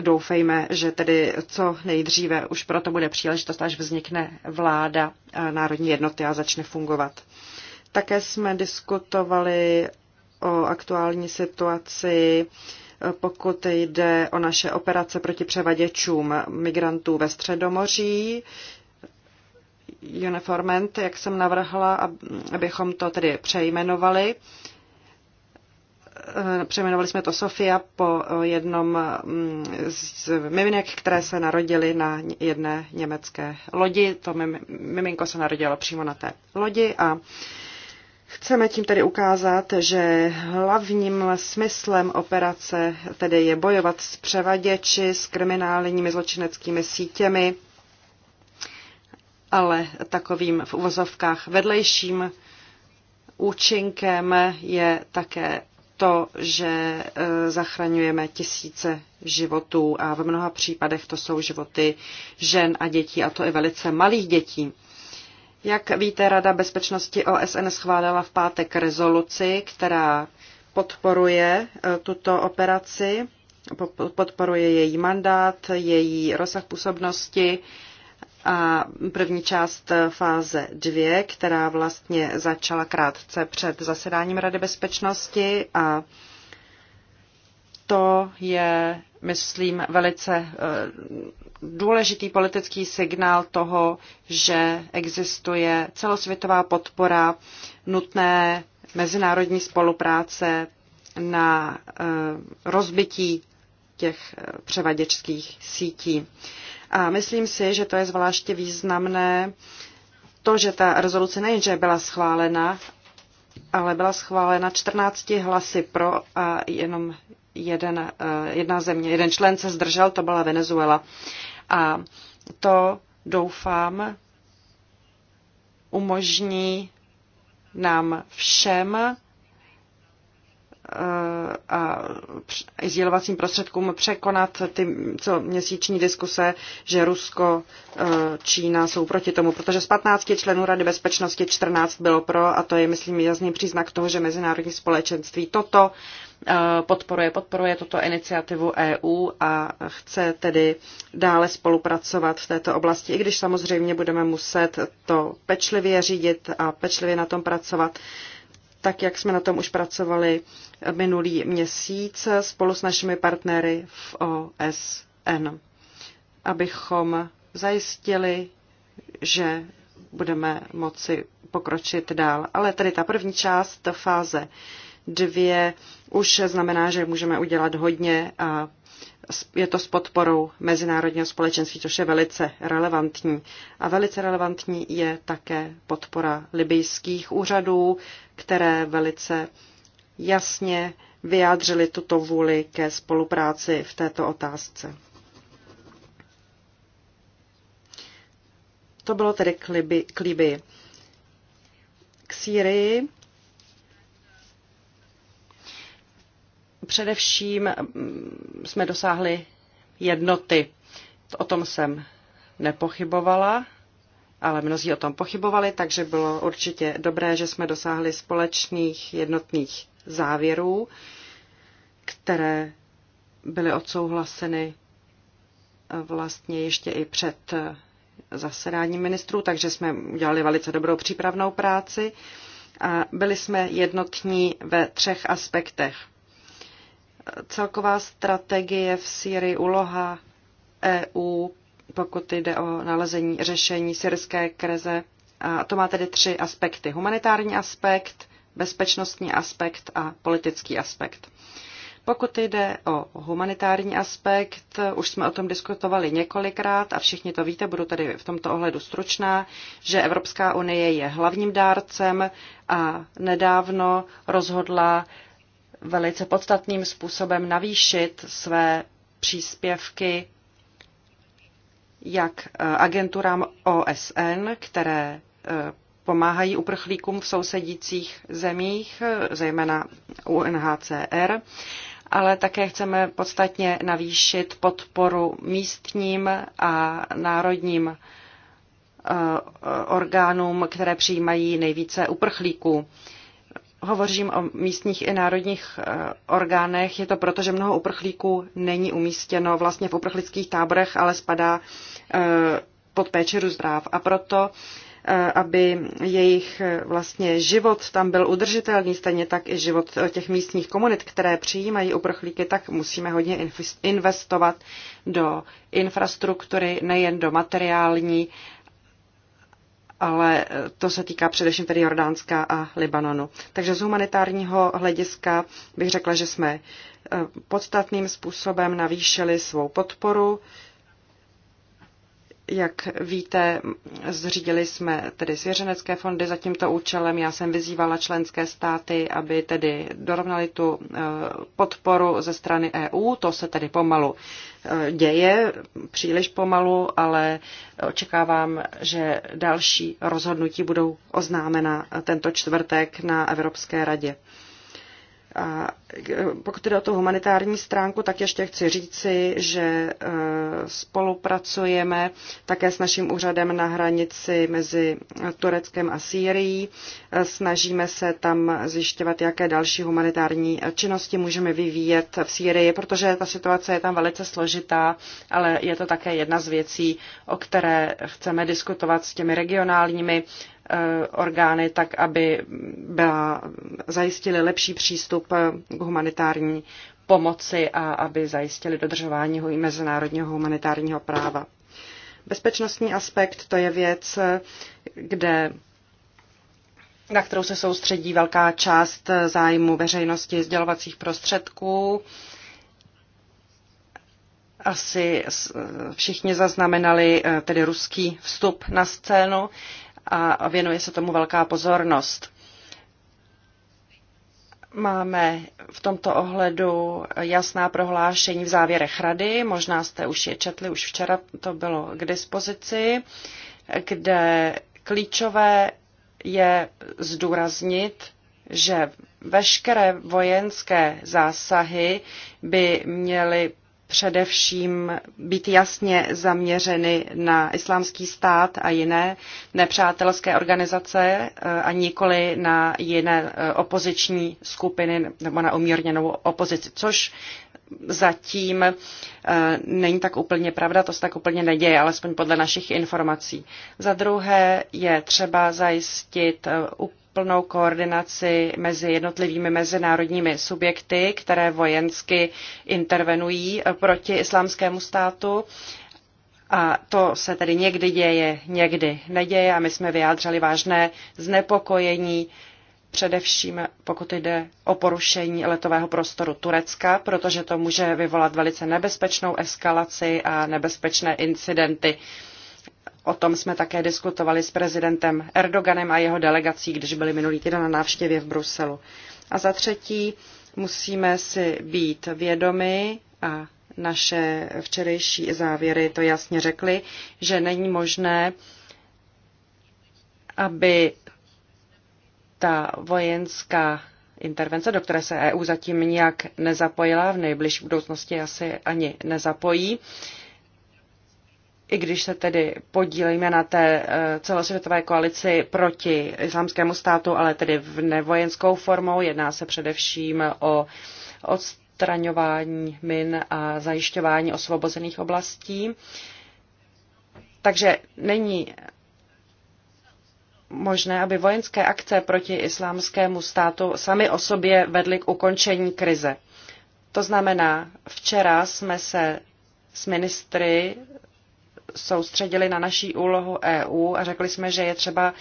S4: Doufejme, že tedy co nejdříve už proto bude příležitost, až vznikne vláda národní jednoty a začne fungovat. Také jsme diskutovali o aktuální situaci pokud jde o naše operace proti převaděčům migrantů ve Středomoří. Uniformment, jak jsem navrhla, abychom to tedy přejmenovali. Eh, přejmenovali jsme to Sofia po eh, jednom mm, z miminek, které se narodily na jedné německé lodi. To miminko se narodilo přímo na té lodi a Chceme tím tedy ukázat, že hlavním smyslem operace tedy je bojovat s převaděči, s kriminálními zločineckými sítěmi ale takovým v uvozovkách vedlejším účinkem je také to, že eh, zachraňujeme tisíce životů a v mnoha případech to jsou životy žen a dětí, a to i velice malých dětí. Jak víte, Rada bezpečnosti OSN schválila v pátek rezoluci, která podporuje eh, tuto operaci, podporuje její mandát, její rozsah působnosti a první část fáze 2, která vlastně začala krátce před zasedáním Rady bezpečnosti a to je, myslím, velice eh, důležitý politický signál toho, že existuje celosvětová podpora nutné mezinárodní spolupráce na eh, rozbití těch eh, převaděčských sítí. A myslím si, že to je zvláště významné, to, že ta rezoluce nejenže byla schválena, ale byla schválena 14 hlasy pro a jenom jeden, eh, jedna země, jeden člen se zdržel, to byla Venezuela. A to doufám umožní nám všem a sdělovacím prostředkům překonat ty měsíční diskuse, že Rusko, e, Čína jsou proti tomu, protože z 15 členů Rady bezpečnosti 14 bylo pro a to je, myslím, jasný příznak toho, že mezinárodní společenství toto e, podporuje, podporuje tuto iniciativu EU a chce tedy dále spolupracovat v této oblasti, i když samozřejmě budeme muset to pečlivě řídit a pečlivě na tom pracovat tak jak jsme na tom už pracovali minulý měsíc spolu s našimi partnery v OSN, abychom zajistili, že budeme moci pokročit dál. Ale tady ta první část, fáze dvě, už znamená, že můžeme udělat hodně a je to s podporou mezinárodního společenství, což je velice relevantní. A velice relevantní je také podpora libijských úřadů, které velice jasně vyjádřili tuto vůli ke spolupráci v této otázce. To bylo tedy k Libii. K Sýrii Především mm, jsme dosáhli jednoty. O tom jsem nepochybovala, ale mnozí o tom pochybovali, takže bylo určitě dobré, že jsme dosáhli společných jednotných závěrů, které byly odsouhlaseny vlastně ještě i před zasedáním ministrů, takže jsme udělali velice dobrou přípravnou práci a byli jsme jednotní ve třech aspektech celková strategie v Syrii, úloha EU, pokud jde o nalezení řešení syrské krize. A to má tedy tři aspekty. Humanitární aspekt, bezpečnostní aspekt a politický aspekt. Pokud jde o humanitární aspekt, už jsme o tom diskutovali několikrát a všichni to víte, budu tady v tomto ohledu stručná, že Evropská unie je hlavním dárcem a nedávno rozhodla velice podstatným způsobem navýšit své příspěvky jak eh, agenturám OSN, které eh, pomáhají uprchlíkům v sousedících zemích, eh, zejména UNHCR, ale také chceme podstatně navýšit podporu místním a národním orgánům, které přijímají nejvíce uprchlíků hovořím o místních i národních eh, orgánech, je to proto, že mnoho uprchlíků není umístěno vlastně v uprchlických táborech, ale spadá eh, pod péči růzpráv. A proto eh, aby jejich vlastně život tam byl udržitelný, stejně tak i život těch místních komunit, které přijímají uprchlíky, tak musíme hodně investovat do infrastruktury, nejen do materiální, ale eh, to se týká především tedy Jordánska a Libanonu. Takže z humanitárního hlediska bych řekla, že jsme eh, podstatným způsobem navýšili svou podporu jak víte, zřídili jsme tedy svěřenecké fondy za tímto účelem. Já jsem vyzývala členské státy, aby tedy dorovnali tu eh, podporu ze strany EU. To se tedy pomalu eh, děje, příliš pomalu, ale očekávám, že další rozhodnutí budou oznámena tento čtvrtek na Evropské radě pokud jde o tu humanitární stránku, tak ještě chci říci, že e, spolupracujeme také s naším úřadem na hranici mezi Tureckem a Sýrií. E, snažíme se tam zjišťovat, jaké další humanitární činnosti můžeme vyvíjet v Sýrii, protože ta situace je tam velice složitá, ale je to také jedna z věcí, o které chceme diskutovat s těmi regionálními Eh, orgány tak, aby byla, zajistili lepší přístup eh, k humanitární pomoci a aby zajistili dodržování mezinárodního humanitárního práva. Bezpečnostní aspekt to je věc, eh, kde na kterou se soustředí velká část zájmu veřejnosti sdělovacích prostředků. Asi všichni zaznamenali tedy ruský vstup na scénu a věnuje se tomu velká pozornost. Máme v tomto ohledu jasná prohlášení v závěrech rady, možná jste už je četli, už včera to bylo k dispozici, kde klíčové je zdůraznit, že veškeré vojenské zásahy by měly především být jasně zaměřeny na islámský stát a jiné nepřátelské organizace eh, a nikoli na jiné eh, opoziční skupiny nebo na umírněnou opozici, což zatím eh, není tak úplně pravda, to se tak úplně neděje, alespoň podle našich informací. Za druhé je třeba zajistit eh, plnou koordinaci mezi jednotlivými mezinárodními subjekty, které vojensky intervenují eh, proti islámskému státu. A to se tedy někdy děje, někdy neděje a my jsme vyjádřili vážné znepokojení především pokud jde o porušení letového prostoru Turecka, protože to může vyvolat velice nebezpečnou eskalaci a nebezpečné incidenty. O tom jsme také diskutovali s prezidentem Erdoganem a jeho delegací, když byli minulý týden na návštěvě v Bruselu. A za třetí, musíme si být vědomi a naše včerejší závěry to jasně řekly, že není možné, aby ta vojenská intervence, do které se EU zatím nijak nezapojila, v nejbližší budoucnosti asi ani nezapojí, i když se tedy podílíme na té eh, celosvětové koalici proti islámskému státu, ale tedy v nevojenskou formou, jedná se především o odstraňování min a zajišťování osvobozených oblastí. Takže není možné, aby vojenské akce proti islámskému státu sami o sobě vedly k ukončení krize. To znamená, včera jsme se s ministry soustředili na naší úlohu EU a řekli jsme, že je třeba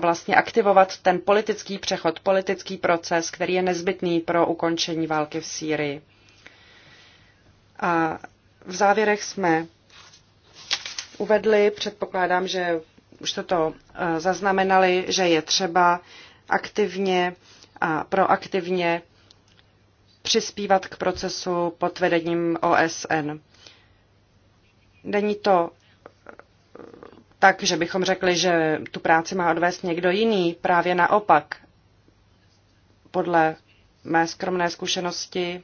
S4: vlastně aktivovat ten politický přechod, politický proces, který je nezbytný pro ukončení války v Sýrii. A v závěrech jsme uvedli, předpokládám, že už jste to eh, zaznamenali, že je třeba aktivně a proaktivně přispívat k procesu pod vedením OSN. Není to eh, tak, že bychom řekli, že tu práci má odvést někdo jiný, právě naopak. Podle mé skromné zkušenosti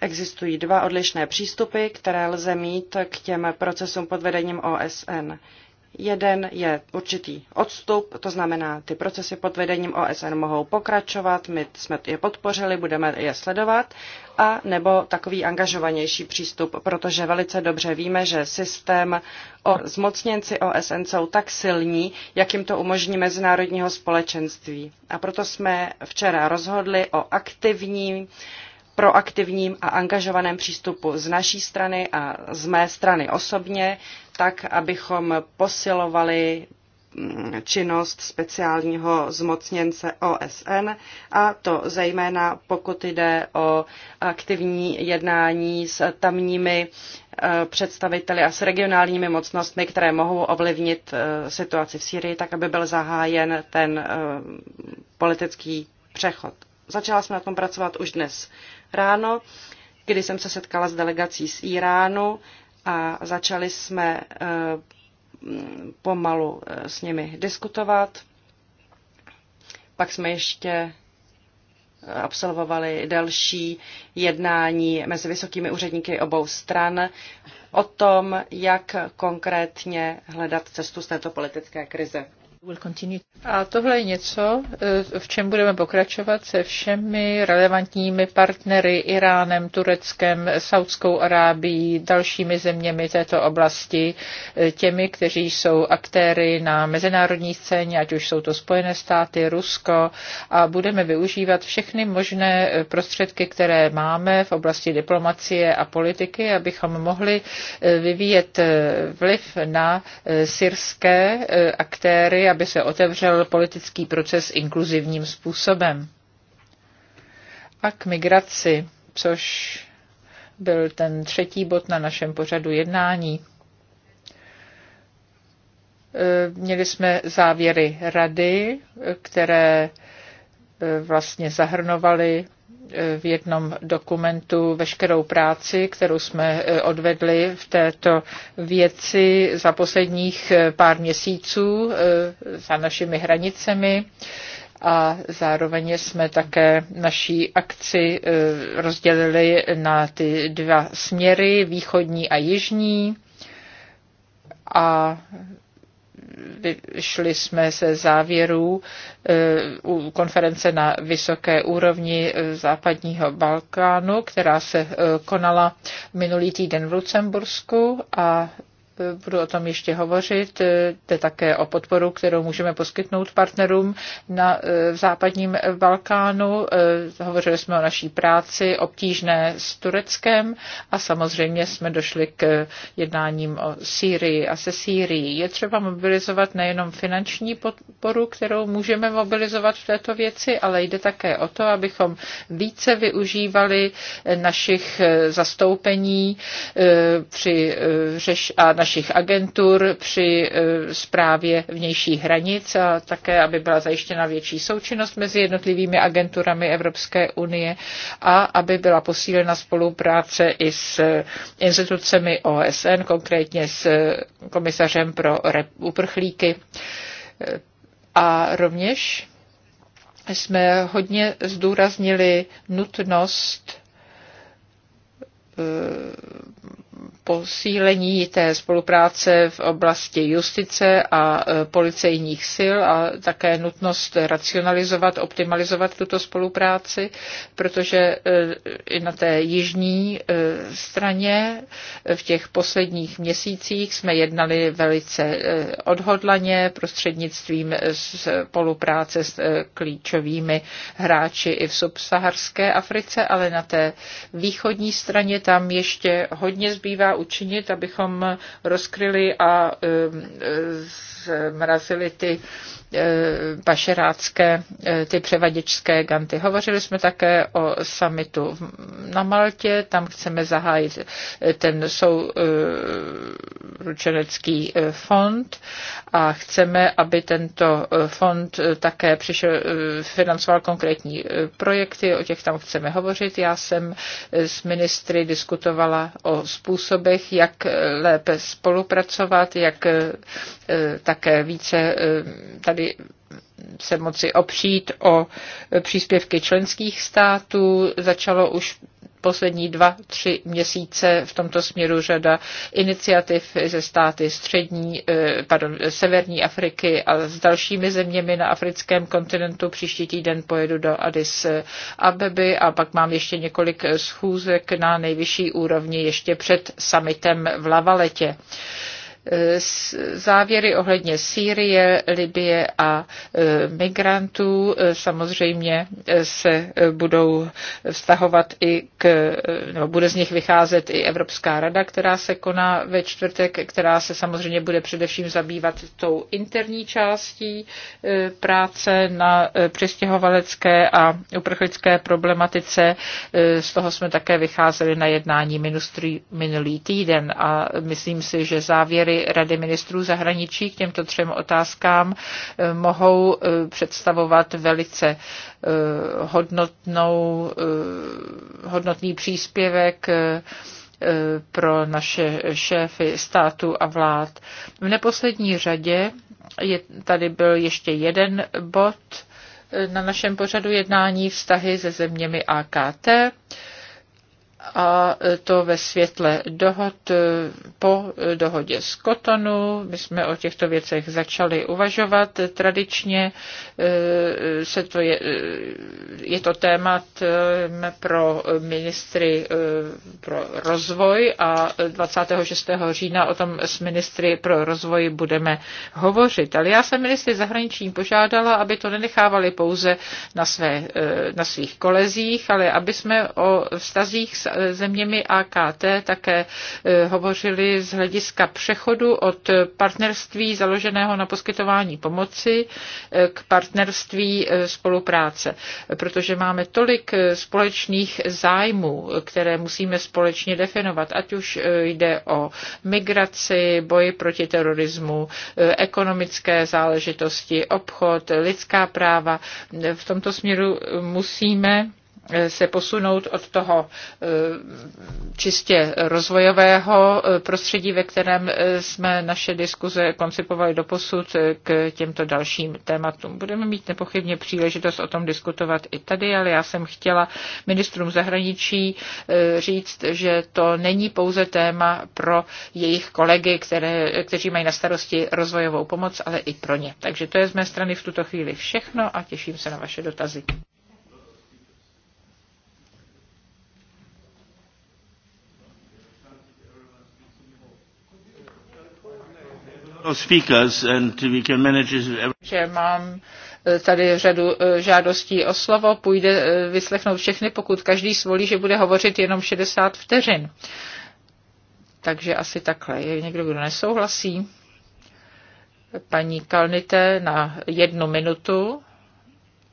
S4: existují dva odlišné přístupy, které lze mít k těm procesům pod vedením OSN. Jeden je určitý odstup, to znamená, ty procesy pod vedením OSN mohou pokračovat, my jsme je podpořili, budeme je sledovat, a nebo takový angažovanější přístup, protože velice dobře víme, že systém o zmocněnci OSN jsou tak silní, jak jim to umožní mezinárodního společenství. A proto jsme včera rozhodli o aktivní proaktivním a angažovaném přístupu z naší strany a z mé strany osobně, tak abychom posilovali mm, činnost speciálního zmocněnce OSN, a to zejména pokud jde o aktivní jednání s tamními e, představiteli a s regionálními mocnostmi, které mohou ovlivnit e, situaci v Syrii, tak aby byl zahájen ten e, politický přechod. Začala jsme na tom pracovat už dnes ráno, kdy jsem se setkala s delegací z Iránu a začali jsme eh, pomalu eh, s nimi diskutovat. Pak jsme ještě eh, absolvovali další jednání mezi vysokými úředníky obou stran o tom, jak konkrétně hledat cestu z této politické krize.
S2: A tohle je něco, eh, v čem budeme pokračovat se všemi relevantními partnery Iránem, Tureckem, Saudskou Arábií, dalšími zeměmi této oblasti, eh, těmi, kteří jsou aktéry na mezinárodní scéně, ať už jsou to Spojené státy, Rusko a budeme využívat všechny možné eh, prostředky, které máme v oblasti diplomacie a politiky, abychom mohli vyvíjet vliv na syrské aktéry aby se otevřel politický proces inkluzivním způsobem. A k migraci, což byl ten třetí bod na našem pořadu jednání. Eh, měli jsme závěry rady, které eh, vlastně zahrnovaly v jednom dokumentu veškerou práci, kterou jsme eh, odvedli v této věci za posledních eh, pár měsíců eh, za našimi hranicemi a zároveň jsme také naší akci rozdělili na ty dva směry, východní a jižní. A vyšli jsme se závěrů eh, u konference na vysoké úrovni eh, západního Balkánu, která se eh, konala minulý týden v Lucembursku a budu o tom ještě hovořit, jde také o podporu, kterou můžeme poskytnout partnerům na, eh, v západním Balkánu. Eh, hovořili jsme o naší práci obtížné s Tureckem a samozřejmě jsme došli k jednáním o Sýrii a se Sýrií. Je třeba mobilizovat nejenom finanční podporu, kterou můžeme mobilizovat v této věci, ale jde také o to, abychom více využívali našich eh, zastoupení při řeš a našich agentur při zprávě e, vnějších hranic a také, aby byla zajištěna větší součinnost mezi jednotlivými agenturami Evropské unie a aby byla posílena spolupráce i s institucemi OSN, konkrétně s komisařem pro uprchlíky. A rovněž jsme hodně zdůraznili nutnost e, posílení té spolupráce v oblasti justice a e, policejních sil a také nutnost racionalizovat, optimalizovat tuto spolupráci, protože e, i na té jižní e, straně v těch posledních měsících jsme jednali velice odhodlaně prostřednictvím spolupráce s klíčovými hráči i v subsaharské Africe, ale na té východní straně tam ještě hodně zbývá učinit, abychom rozkryli a um, e, zmrazili ty Eh, pašerácké, eh, ty převaděčské ganty. Hovořili jsme také o samitu na Maltě, tam chceme zahájit eh, ten souručenecký fond a chceme, aby tento fond také přišel, financoval konkrétní projekty, o těch tam chceme hovořit. Já jsem s ministry diskutovala o způsobech, jak lépe spolupracovat, jak také více tady by se moci opřít o příspěvky členských států. Začalo už poslední dva, tři měsíce v tomto směru řada iniciativ ze státy střední, eh, pardon, severní Afriky a s dalšími zeměmi na africkém kontinentu. Příští týden pojedu do Addis Abeby a pak mám ještě několik schůzek na nejvyšší úrovni ještě před summitem v Lavaletě. Závěry ohledně Sýrie, Libie a e, migrantů e, samozřejmě e, se budou vztahovat i k, nebo bude z nich vycházet i Evropská rada, která se koná ve čtvrtek, která se samozřejmě bude především zabývat tou interní částí práce na přestěhovalecké a uprchlické problematice. Z toho jsme také vycházeli na jednání minulý týden a myslím si, že závěry předsedy Rady ministrů zahraničí k těmto třem otázkám eh, mohou eh, představovat velice eh, hodnotnou, hodnotný příspěvek pro naše šéfy státu a vlád. V neposlední řadě je, tady byl ještě jeden bod na našem pořadu jednání vztahy se zeměmi AKT a to ve světle dohod po dohodě z Kotonu. My jsme o těchto věcech začali uvažovat. Tradičně eh, se to je, eh, je to témat eh, pro ministry pro rozvoj a 26. října o tom s ministry pro rozvoj budeme hovořit. Ale já jsem ministry zahraniční požádala, aby to nenechávali pouze na, své, na svých kolezích, ale aby jsme o vztazích s zeměmi AKT také eh, hovořili z hlediska přechodu od partnerství založeného na poskytování pomoci eh, k partnerství eh, spolupráce, protože máme tolik společných zájmů, které musíme společně definovat, ať už jde o migraci, boji proti terorismu, ekonomické záležitosti, obchod, lidská práva. V tomto směru musíme se posunout od toho eh, čistě rozvojového eh, prostředí, ve kterém eh, jsme naše diskuze koncipovali do posud k těmto dalším tématům. Budeme mít nepochybně příležitost o tom diskutovat i tady, ale já jsem chtěla ministrům zahraničí říct, že to není pouze téma pro jejich kolegy, které, kteří mají na starosti rozvojovou pomoc, ale i pro ně. Takže to je z mé strany v tuto chvíli všechno a těším se na vaše dotazy. že mám eh, tady řadu eh, žádostí o slovo, půjde eh, vyslechnout všechny, pokud každý svolí, že bude hovořit jenom 60 vteřin. Takže asi takhle. Je někdo, kdo nesouhlasí? Paní Kalnite na jednu minutu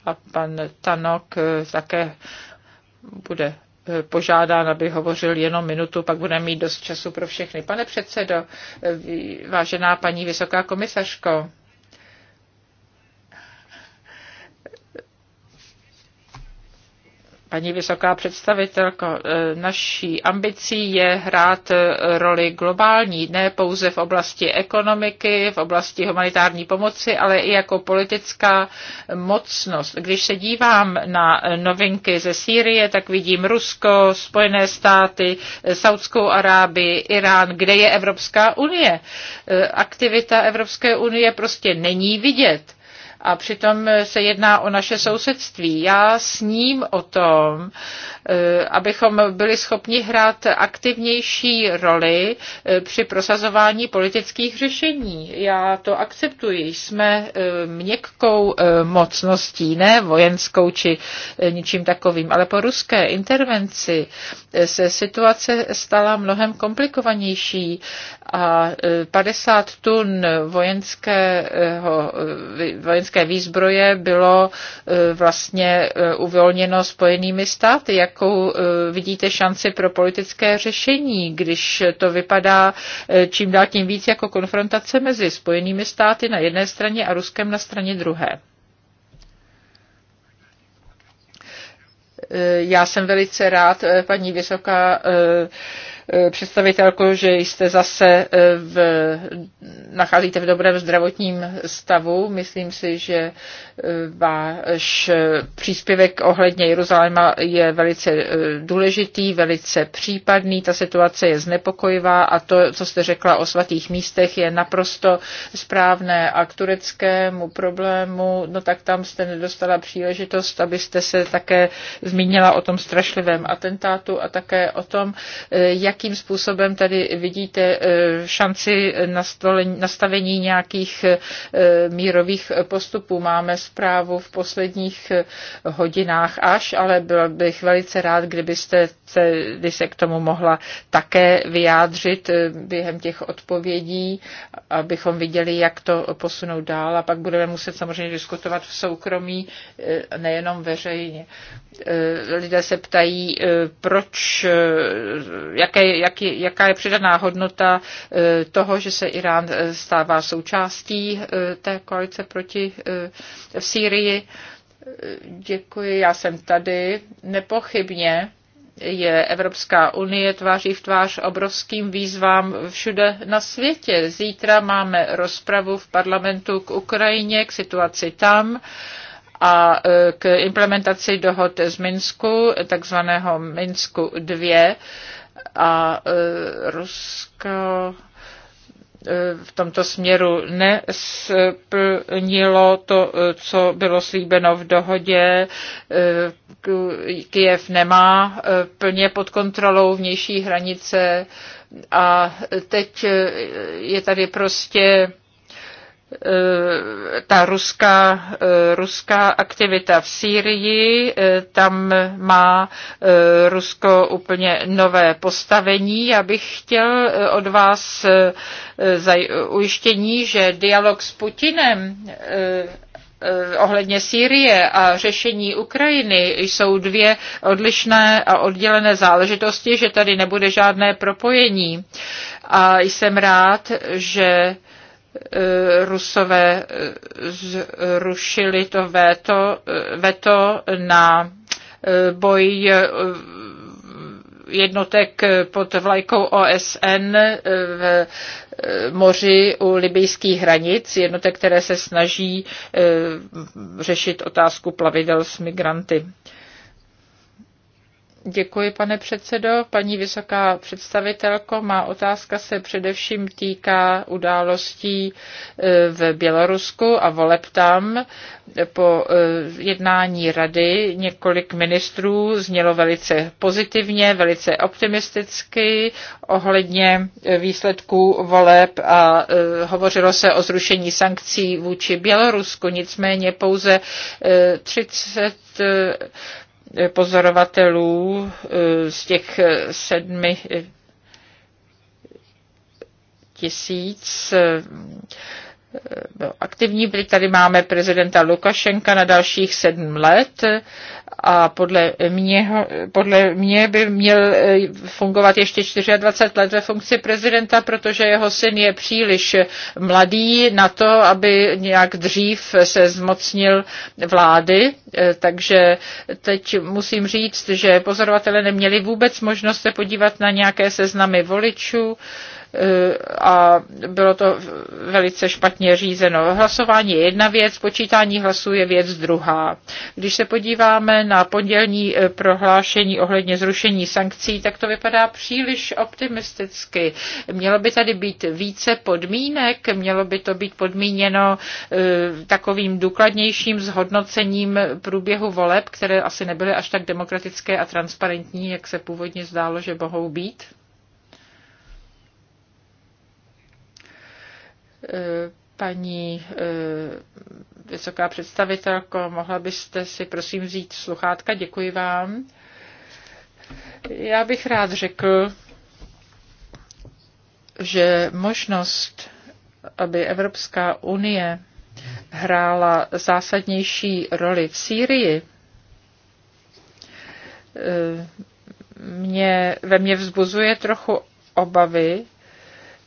S2: a pan Tanok také bude požádán, aby hovořil jenom minutu, pak budeme mít dost času pro všechny. Pane předsedo, vážená paní vysoká komisařko, Paní vysoká představitelko, e, naší ambicí je hrát roli globální, ne pouze v oblasti ekonomiky, v oblasti humanitární pomoci, ale i jako politická mocnost. Když se dívám na novinky ze Sýrie, tak vidím Rusko, Spojené státy, Saudskou Arábii, Irán, kde je Evropská unie. E, aktivita Evropské unie prostě není vidět a přitom se jedná o naše sousedství. Já sním o tom, eh, abychom byli schopni hrát aktivnější roli eh, při prosazování politických řešení. Já to akceptuji. Jsme eh, měkkou mocností, ne vojenskou či ničím takovým, ale po ruské intervenci se situace stala mnohem komplikovanější a 50 tun vojenského, vojenského vojenské výzbroje bylo e, vlastně e, uvolněno spojenými státy. Jakou e, vidíte šanci pro politické řešení, když to vypadá čím dál tím víc jako konfrontace mezi spojenými státy na jedné straně a Ruskem na straně druhé? Já jsem velice rád, paní vysoká Eh, představitelko, že jste zase eh, v, nacházíte v dobrém zdravotním stavu. Myslím si, že eh, váš příspěvek ohledně Jeruzaléma je velice důležitý, velice případný. Ta situace je znepokojivá a to, co jste řekla o svatých místech, je naprosto správné. A k tureckému problému, no tak tam jste nedostala příležitost, abyste se také zmínila o tom strašlivém atentátu a také o tom, jak jakým způsobem tady vidíte eh, šanci nastavení nějakých eh, mírových postupů. Máme zprávu v posledních eh, hodinách až, ale byl bych velice rád, kdybyste kdy se k tomu mohla také vyjádřit během těch odpovědí, abychom viděli, jak to posunout dál a pak budeme muset samozřejmě diskutovat v soukromí, nejenom veřejně. Lidé se ptají, proč, jaké jaký, jaká je přidaná hodnota e, toho, že se Irán e, stává součástí e, té koalice proti v Sýrii. Děkuji, já jsem tady. Nepochybně je Evropská unie tváří v tvář obrovským výzvám všude na světě. Zítra máme rozpravu v parlamentu k Ukrajině, k situaci tam a k implementaci dohod z Minsku, takzvaného Minsku 2 a e, Rusko e, v tomto směru nesplnilo to, e, co bylo slíbeno v dohodě. Kijev nemá plně pod kontrolou vnější hranice a teď je tady prostě Eh, ta ruská, eh, ruská aktivita v Sýrii, eh, tam má Rusko úplně nové postavení. Já bych chtěl od vás ujištění, že dialog s Putinem ohledně Sýrie a řešení Ukrajiny jsou dvě odlišné a oddělené záležitosti, že tady nebude žádné propojení. A jsem rád, že Eh, Rusové eh, zrušili to veto, eh, veto na boj jednotek pod vlajkou OSN v moři u libijských hranic, jednotek, které se snaží řešit otázku plavidel s migranty. Děkuji, pane předsedo. Paní vysoká představitelko, má otázka se především týká událostí e, v Bělorusku a voleb tam. Po e, jednání rady několik ministrů znělo velice pozitivně, velice optimisticky ohledně e, výsledků voleb a hovořilo se o zrušení sankcí vůči Bělorusku. Nicméně pouze 30 pozorovatelů eh, z těch eh, sedmi eh, tisíc byl aktivní, byli tady máme prezidenta Lukašenka na dalších sedm let a podle mě, podle mě by měl eh, fungovat ještě 24 let ve funkci prezidenta, protože jeho syn je příliš mladý na to, aby nějak dřív se zmocnil vlády. Eh, takže teď musím říct, že pozorovatele neměli vůbec možnost se podívat na nějaké seznamy voličů Eh, a bylo to velice špatně řízeno. Hlasování je jedna věc, počítání hlasů je věc druhá. Když se podíváme na pondělní eh, prohlášení ohledně zrušení sankcí, tak to vypadá příliš optimisticky. Mělo by tady být více podmínek, mělo by to být podmíněno eh, takovým důkladnějším zhodnocením průběhu voleb, které asi nebyly až tak demokratické a transparentní, jak se původně zdálo, že mohou být. paní eh, vysoká představitelko, mohla byste si prosím vzít sluchátka, děkuji vám. Já bych rád řekl, že možnost, aby Evropská unie hrála zásadnější roli v Sýrii, eh, mě, ve mně vzbuzuje trochu obavy,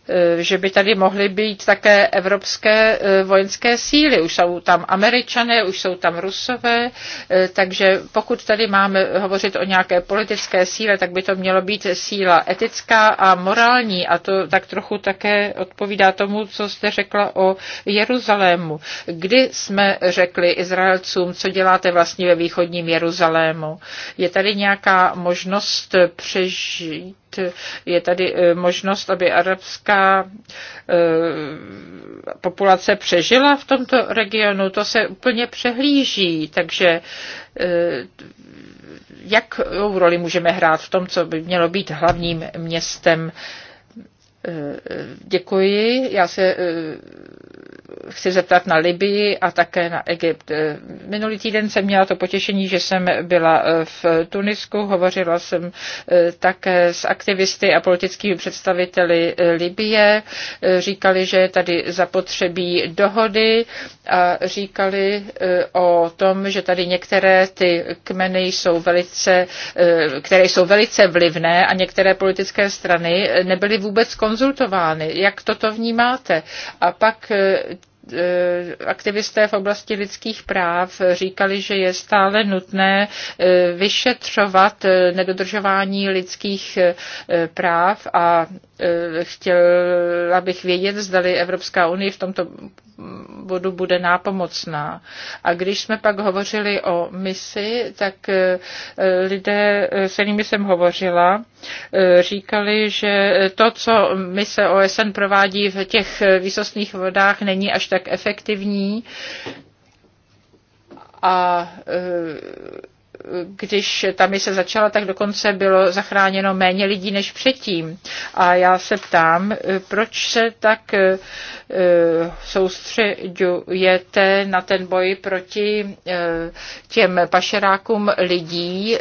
S2: Eh, že by tady mohly být také evropské eh, vojenské síly. Už jsou tam američané, už jsou tam rusové, eh, takže pokud tady máme hovořit o nějaké politické síle, tak by to mělo být síla etická a morální a to tak trochu také odpovídá tomu, co jste řekla o Jeruzalému. Kdy jsme řekli Izraelcům, co děláte vlastně ve východním Jeruzalému? Je tady nějaká možnost přežít je tady e, možnost, aby arabská e, populace přežila v tomto regionu. To se úplně přehlíží, takže e, jakou roli můžeme hrát v tom, co by mělo být hlavním městem Děkuji. Já se chci zeptat na Libii a také na Egypt. Eh, minulý týden jsem měla to potěšení, že jsem byla eh, v Tunisku, hovořila jsem eh, také s aktivisty a politickými představiteli Libie, říkali, že je tady zapotřebí dohody a říkali o tom, že tady některé ty kmeny jsou velice, které jsou velice vlivné a některé politické strany nebyly vůbec konzultovány. Jak toto vnímáte? A pak Eh, aktivisté v oblasti lidských práv říkali, že je stále nutné eh, vyšetřovat eh, nedodržování lidských práv a Eh, chtěla bych vědět, zdali Evropská unie v tomto bodu bude nápomocná. A když jsme pak hovořili o misi, tak eh, lidé, eh, se nimi jsem hovořila, říkali, že to, co mise OSN provádí v těch výsostných vodách, není až tak efektivní a když ta mise začala, tak dokonce bylo zachráněno méně lidí než předtím. A já se ptám, proč se tak eh, soustředujete na ten boj proti eh, těm pašerákům lidí eh,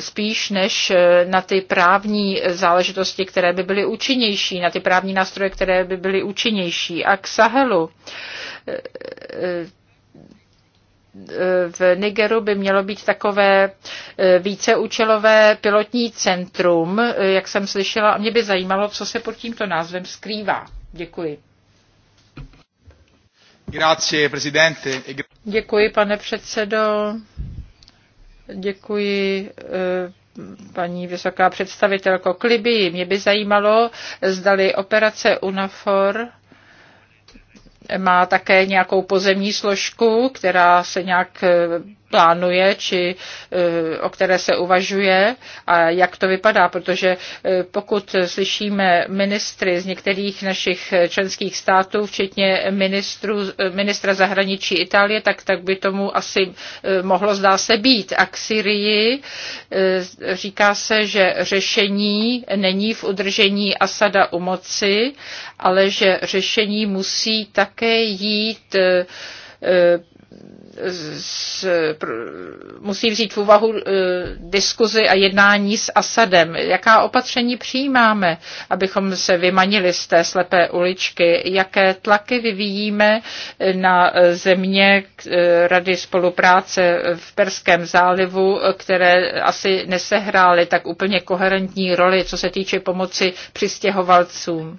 S2: spíš než na ty právní záležitosti, které by byly účinnější, na ty právní nástroje, které by byly účinnější. A k Sahelu v Nigeru by mělo být takové e, víceúčelové pilotní centrum, e, jak jsem slyšela, a mě by zajímalo, co se pod tímto názvem skrývá. Děkuji.
S1: Grazie, presidente. E
S2: Děkuji, pane předsedo. Děkuji paní vysoká představitelko Klibii. Mě by zajímalo, zdali operace UNAFOR má také nějakou pozemní složku, která se nějak eh, plánuje či eh, o které se uvažuje a jak to vypadá, protože eh, pokud slyšíme ministry z některých našich členských států, včetně ministru, eh, ministra zahraničí Itálie, tak, tak by tomu asi mohlo zdá se být. A k Syrii říká se, že řešení není v udržení Asada u moci, ale že řešení musí také jít z, pr, musí vzít v úvahu uh, diskuzi a jednání s Asadem. Jaká opatření přijímáme, abychom se vymanili z té slepé uličky? Jaké tlaky vyvíjíme na země uh, Rady spolupráce v Perském zálivu, které asi nesehrály tak úplně koherentní roli, co se týče pomoci přistěhovalcům?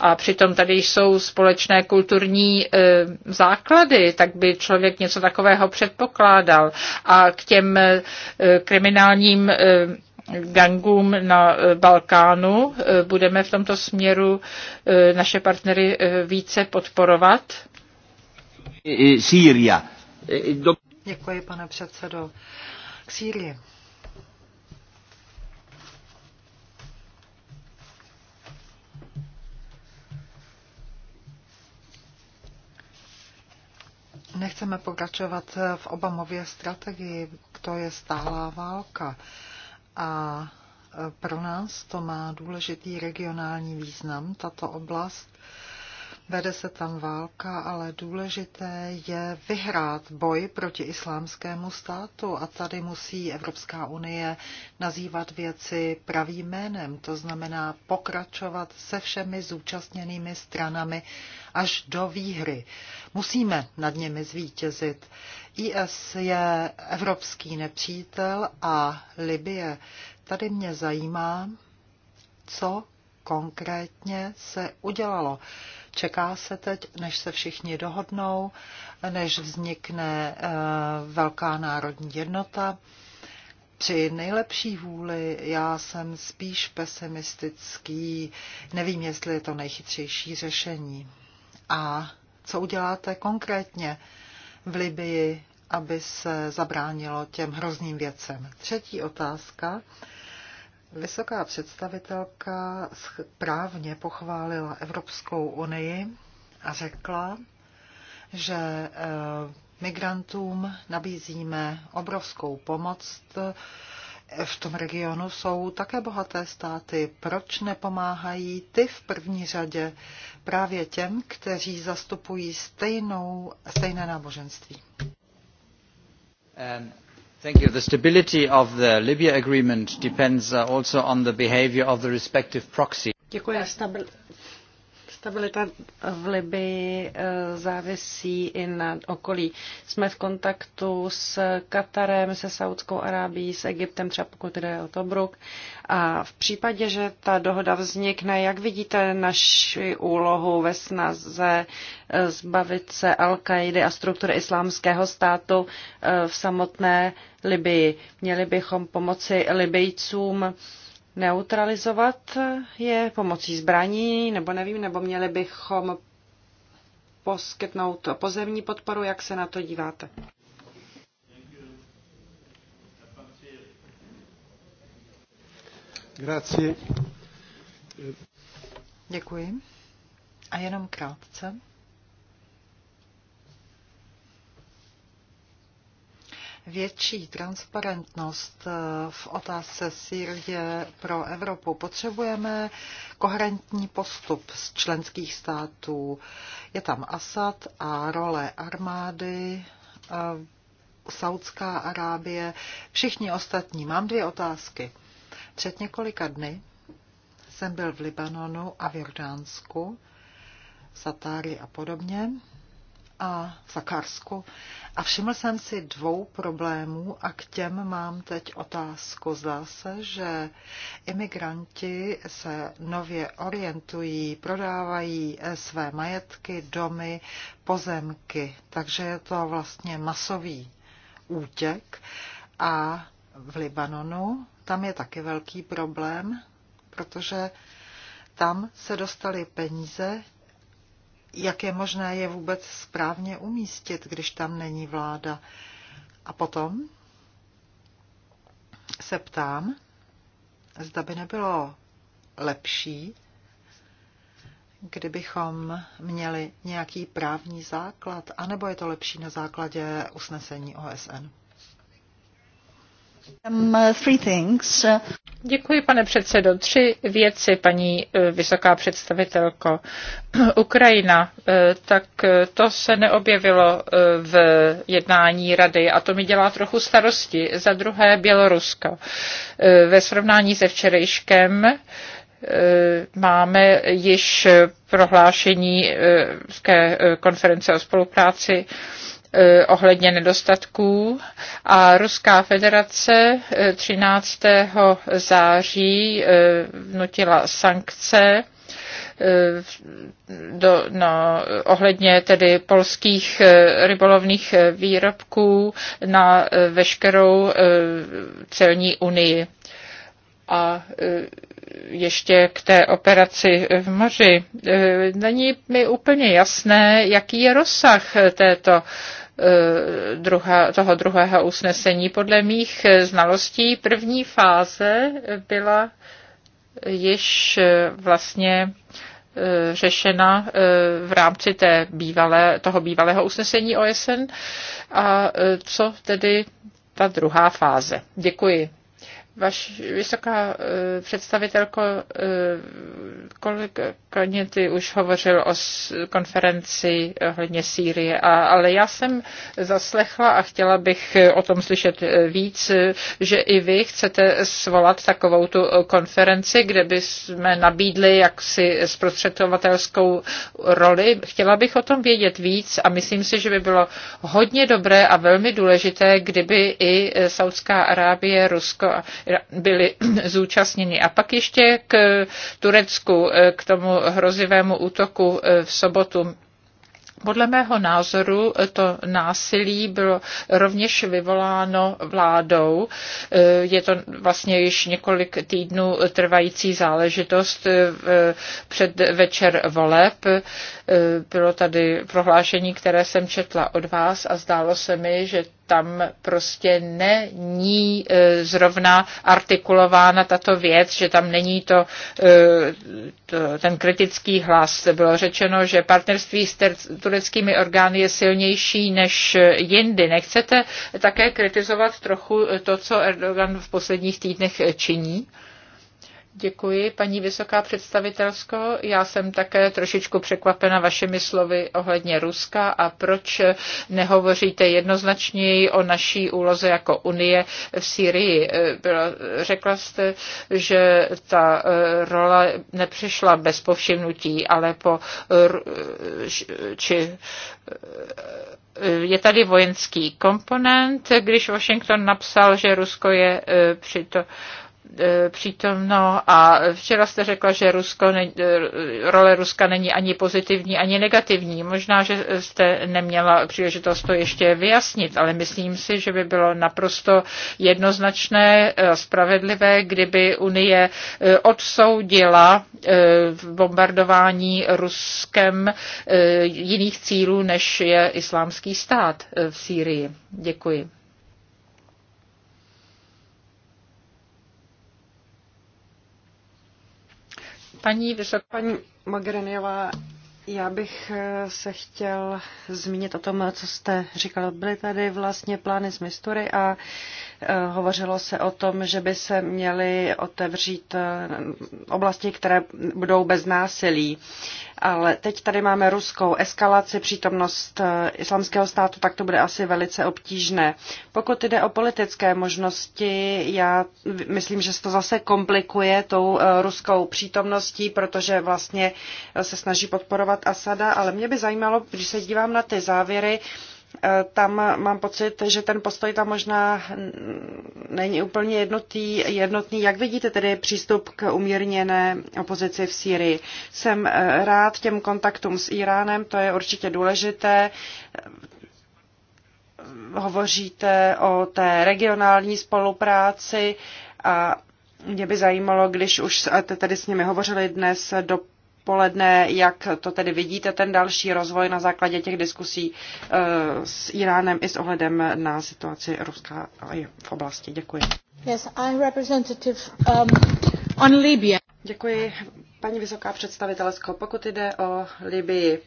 S2: a přitom tady jsou společné kulturní e, základy, tak by člověk něco takového předpokládal. A k těm e, kriminálním e, gangům na Balkánu. Budeme v tomto směru naše partnery více podporovat.
S1: Sýria.
S2: Děkuji, pane
S3: předsedo. K Sýrii. Nechceme pokračovat v Obamově strategii, to je stálá válka. A pro nás to má důležitý regionální význam, tato oblast vede se tam válka, ale důležité je vyhrát boj proti islámskému státu a tady musí Evropská unie nazývat věci pravým jménem, to znamená pokračovat se všemi zúčastněnými stranami až do výhry. Musíme nad nimi zvítězit. IS je evropský nepřítel a Libie. Tady mě zajímá, co konkrétně se udělalo. Čeká se teď, než se všichni dohodnou, než vznikne eh, velká národní jednota. Při nejlepší vůli já jsem spíš pesimistický, nevím, jestli je to nejchytřejší řešení. A co uděláte konkrétně v Libii, aby se zabránilo těm hrozným věcem? Třetí otázka Vysoká představitelka právně pochválila Evropskou unii a řekla, že e, migrantům nabízíme obrovskou pomoc. V tom regionu jsou také bohaté státy. Proč nepomáhají ty v první řadě právě těm, kteří zastupují stejnou, stejné náboženství?
S4: Um, The
S2: stability of the Libya agreement depends uh, also on the behaviour
S1: of the respective proxy.
S4: Stabilita v Libii eh, závisí i na okolí. Jsme v kontaktu s Katarem, se Saudskou Arábií, s Egyptem, třeba pokud jde o Tobruk. A v případě, že ta dohoda vznikne, jak vidíte naši úlohu ve snaze eh, zbavit se al kaidy a struktury islámského státu eh, v samotné Libii? Měli bychom pomoci Libijcům neutralizovat je pomocí zbraní, nebo nevím, nebo měli bychom poskytnout pozemní podporu, jak se na to díváte?
S3: Děkuji. A jenom krátce. větší transparentnost eh, v otázce Sýrie pro Evropu. Potřebujeme koherentní postup z členských států. Je tam Asad a role armády. Eh, Saudská Arábie, všichni ostatní. Mám dvě otázky. Před několika dny jsem byl v Libanonu a v Jordánsku, Satári a podobně a v Sakarsku. A všiml jsem si dvou problémů a k těm mám teď otázku. Zdá se, že imigranti se nově orientují, prodávají eh, své majetky, domy, pozemky, takže je to vlastně masový útěk. A v Libanonu tam je taky velký problém, protože tam se dostaly peníze jak je možné je vůbec správně umístit, když tam není vláda. A potom se ptám, zda by nebylo lepší, kdybychom měli nějaký právní základ, anebo je to lepší na základě usnesení OSN.
S2: Um, Děkuji, pane předsedo. Tři věci, paní eh, vysoká představitelko. Ukrajina, eh, tak eh, to se neobjevilo v jednání rady a to mi dělá trochu starosti. Za druhé Bělorusko. Ve srovnání se včerejškem máme již prohlášení z konference o spolupráci Eh, ohledně nedostatků a Ruská federace 13. Eh, září eh, vnutila sankce do, no, ohledně tedy polských rybolovných výrobků na veškerou celní unii. A ještě k té operaci v moři. Není mi úplně jasné, jaký je rozsah této Eh, druhá, toho druhého usnesení. Podle mých eh, znalostí první fáze byla již eh, vlastně řešena v rámci té bývalé, toho bývalého usnesení OSN. A co tedy ta druhá fáze? Děkuji. Vaš vysoká představitelko, Kolega Kaněty už hovořil o konferenci ohledně Sýrie, a, ale já jsem zaslechla a chtěla bych o tom slyšet víc, že i vy chcete svolat takovou tu konferenci, kde bychom nabídli jaksi zprostředovatelskou roli. Chtěla bych o tom vědět víc a myslím si, že by bylo hodně dobré a velmi důležité, kdyby i Saudská Arábie, Rusko byly zúčastněny. A pak ještě k Turecku. Eh, k tomu hrozivému útoku eh, v sobotu. Podle mého názoru eh, to násilí bylo rovněž vyvoláno vládou. Je to vlastně již několik týdnů trvající záležitost před večer voleb. Bylo tady prohlášení, které jsem četla od vás a zdálo se mi, že tam prostě není e, zrovna artikulována tato věc, že tam není to, e, to ten kritický hlas. Bylo řečeno, že partnerství s tureckými orgány je silnější než jindy. Nechcete také kritizovat trochu to, co Erdogan v posledních týdnech e, činí? Děkuji, paní vysoká představitelsko. Já jsem také trošičku překvapena vašimi slovy ohledně Ruska a proč nehovoříte jednoznačněji o naší úloze jako Unie v Sýrii. Byla, řekla jste, že ta eh, rola nepřišla bez povšimnutí, ale po či eh, je tady vojenský komponent, když Washington napsal, že Rusko je eh, při to E, přítomno a včera jste řekla, že Rusko ne, e, role Ruska není ani pozitivní, ani negativní. Možná, že jste neměla příležitost to ještě vyjasnit, ale myslím si, že by bylo naprosto jednoznačné spravedlivé, kdyby Unie e, odsoudila bombardování Ruskem jiných cílů, než je islámský stát v Sýrii. Děkuji.
S4: Paní vysoká... Paní Magreniová, já bych eh, se chtěl zmínit o tom, co jste říkal. Byly tady vlastně plány z Mistury a eh, hovořilo se o tom, že by se měly otevřít eh, oblasti, které budou bez násilí. Ale teď tady máme ruskou eskalaci, přítomnost eh, islamského státu, tak to bude asi velice obtížné. Pokud jde o politické možnosti, já myslím, že se to zase komplikuje tou eh, ruskou přítomností, protože vlastně eh, se snaží podporovat Asada, ale mě by zajímalo, když se dívám na ty závěry, Eh, tam mám pocit, že ten postoj tam možná není úplně jednotý, jednotný. Jak vidíte tedy přístup k umírněné opozici v Sýrii? Jsem eh, rád těm kontaktům s Iránem, to je určitě důležité. Hovoříte o té regionální spolupráci a mě by zajímalo, když už jste tady s nimi hovořili dnes do odpoledne, jak to tedy vidíte, ten další rozvoj na základě těch diskusí eh, s Iránem i s ohledem na situaci Ruska v oblasti. Děkuji.
S1: Yes, I representative um, on Libya.
S4: Děkuji, paní vysoká představitelsko. Pokud jde o Libii,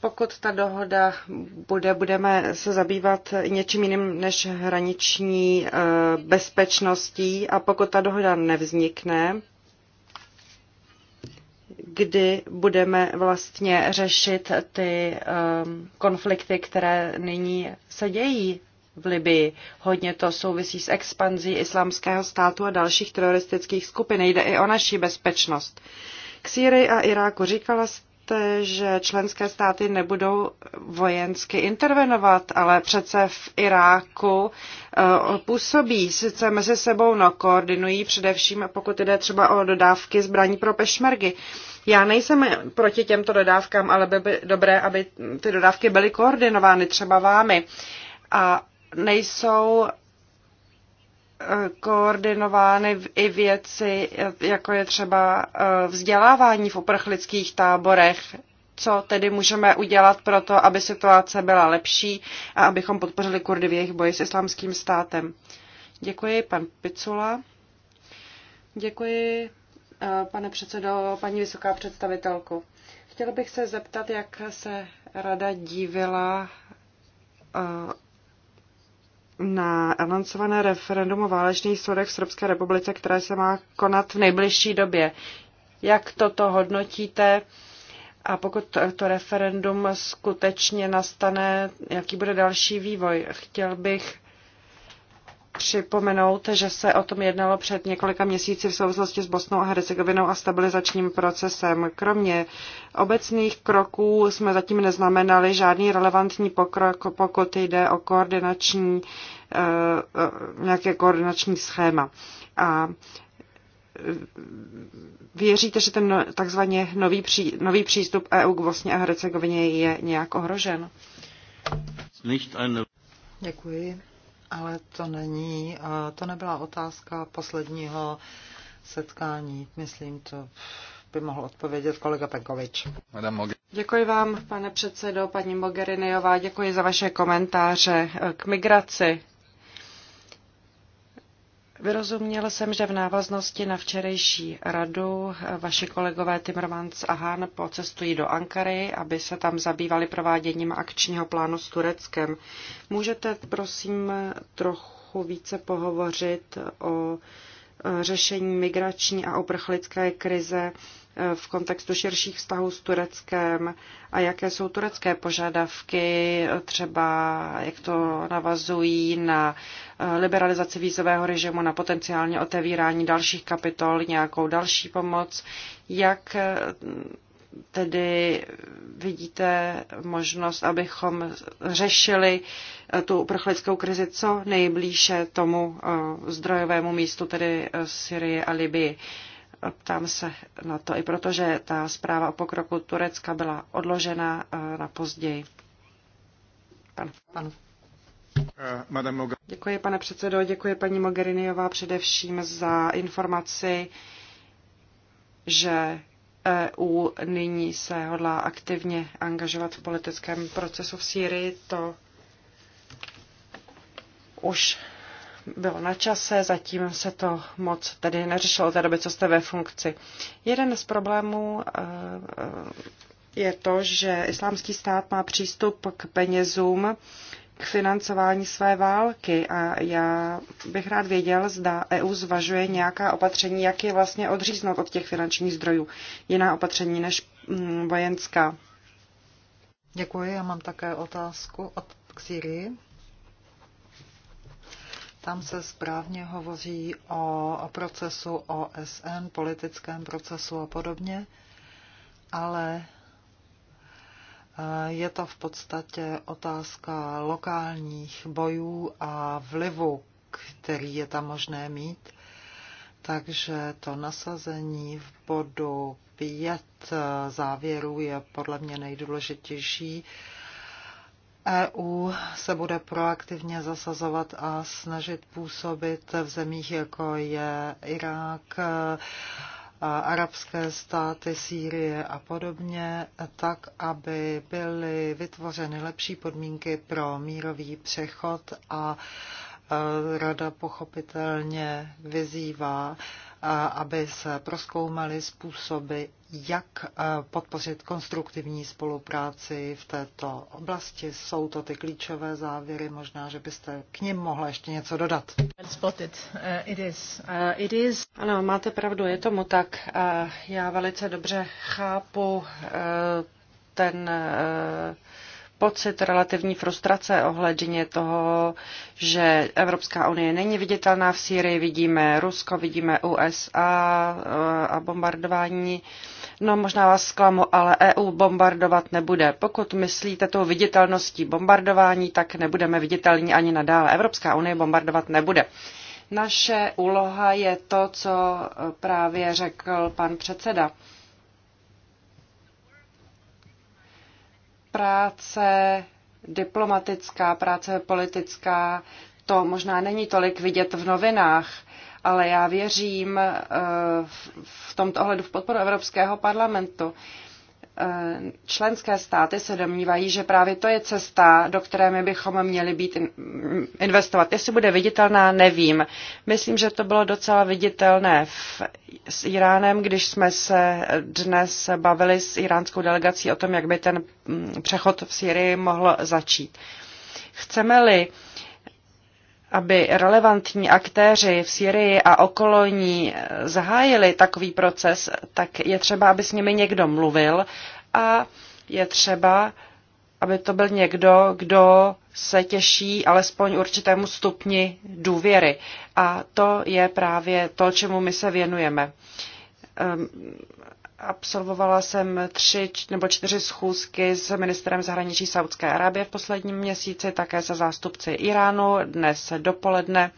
S4: pokud ta dohoda bude, budeme se zabývat něčím jiným než hraniční eh, bezpečností a pokud ta dohoda nevznikne, kdy budeme vlastně řešit ty um, konflikty, které nyní se dějí v Libii. Hodně to souvisí s expanzí islámského státu a dalších teroristických skupin. Jde i o naši bezpečnost. K Sýrii a Iráku říkala jste, že členské státy nebudou vojensky intervenovat, ale přece v Iráku uh, působí sice mezi sebou, no koordinují především, pokud jde třeba o dodávky zbraní pro pešmergy. Já nejsem proti těmto dodávkám, ale by bylo dobré, aby ty dodávky byly koordinovány třeba vámi a nejsou eh, koordinovány i věci, jako je třeba eh, vzdělávání v uprchlických táborech, co tedy můžeme udělat pro to, aby situace byla lepší a abychom podpořili Kurdy v jejich boji s islámským státem. Děkuji, pan Picula. Děkuji, Eh, pane předsedo, paní vysoká představitelko. Chtěla bych se zeptat, jak se rada dívila eh, na anoncované referendum o válečných soudech v Srbské republice, které se má konat v nejbližší době. Jak toto hodnotíte? A pokud to referendum skutečně nastane, jaký bude další vývoj? Chtěl bych připomenout, že se o tom jednalo před několika měsíci v souvislosti s Bosnou a Hercegovinou a stabilizačním procesem. Kromě obecných kroků jsme zatím neznamenali žádný relevantní pokrok, pokud jde o koordinační, eh, nějaké koordinační schéma. A věříte, že ten no, takzvaně nový, pří, nový přístup EU k Bosně a Hercegovině je nějak ohrožen? Děkuji.
S3: Ale to není, to nebyla otázka posledního setkání. Myslím, to by mohl odpovědět kolega Penkovič.
S4: Děkuji vám, pane předsedo, paní Mogherinejová, děkuji za vaše komentáře k migraci. Vyrozuměl jsem, že v návaznosti na včerejší radu vaši kolegové Timmermans a Hahn pocestují do Ankary, aby se tam zabývali prováděním akčního plánu s Tureckem. Můžete prosím trochu více pohovořit o e, řešení migrační a uprchlické krize Eh, v kontextu širších vztahů s Tureckem a jaké jsou turecké požadavky, eh, třeba jak to navazují na eh, liberalizaci vízového režimu, na potenciálně otevírání dalších kapitol, nějakou další pomoc, jak tedy vidíte možnost, abychom řešili tu uprchlickou krizi co nejblíže tomu zdrojovému místu, tedy Syrii a Libii. Ptám se na to i proto, že ta zpráva o pokroku Turecka byla odložena eh, na později. Pan. pan.
S2: Eh,
S4: děkuji, pane předsedo, děkuji paní Mogheriniová především za informaci, že EU nyní se hodlá aktivně angažovat v politickém procesu v Sýrii. To už bylo na čase, zatím se to moc tedy neřešilo od té doby, co jste ve funkci. Jeden z problémů eh, je to, že islámský stát má přístup k penězům, k financování své války a já bych rád věděl, zda EU zvažuje nějaká opatření, jak je vlastně odříznout od těch finančních zdrojů. Jiná opatření než mm, vojenská.
S3: Děkuji, já mám také otázku od k Syrii. Tam se správně hovoří o procesu OSN, politickém procesu a podobně, ale eh, je to v podstatě otázka lokálních bojů a vlivu, který je tam možné mít. Takže to nasazení v bodu pět eh, závěrů je podle mě nejdůležitější. EU se bude proaktivně zasazovat a snažit působit v zemích, jako je Irák, e, arabské státy, Sýrie a podobně, tak, aby byly vytvořeny lepší podmínky pro mírový přechod a e, Rada pochopitelně vyzývá aby se proskoumaly způsoby, jak eh, podpořit konstruktivní spolupráci v této oblasti. Jsou to ty klíčové závěry, možná, že byste k ním mohla ještě něco dodat.
S4: Eh, eh, ano, máte pravdu, je tomu tak. Já velice dobře chápu ten pocit relativní frustrace ohledně toho, že Evropská unie není viditelná v Sýrii. Vidíme Rusko, vidíme USA eh, a bombardování. No možná vás zklamu, ale EU bombardovat nebude. Pokud myslíte tou viditelností bombardování, tak nebudeme viditelní ani nadále. Evropská unie bombardovat nebude. Naše úloha je to, co právě řekl pan předseda. práce diplomatická, práce politická, to možná není tolik vidět v novinách, ale já věřím eh, v tomto ohledu v podporu Evropského parlamentu členské státy se domnívají, že právě to je cesta, do které my bychom měli být investovat. Jestli bude viditelná, nevím. Myslím, že to bylo docela viditelné v, s Iránem, když jsme se dnes bavili s iránskou delegací o tom, jak by ten mm, přechod v Syrii mohl začít. Chceme-li uh, aby relevantní aktéři v Syrii a okolo ní eh, zahájili takový proces, tak je třeba, aby s nimi někdo mluvil a je třeba, aby to byl někdo, kdo se těší alespoň určitému stupni důvěry. A to je právě to, čemu my se věnujeme. Ehm, Absolvovala jsem tři nebo čtyři schůzky s ministrem zahraničí Saudské Arábie v posledním měsíci, také se zástupci Iránu dnes dopoledne.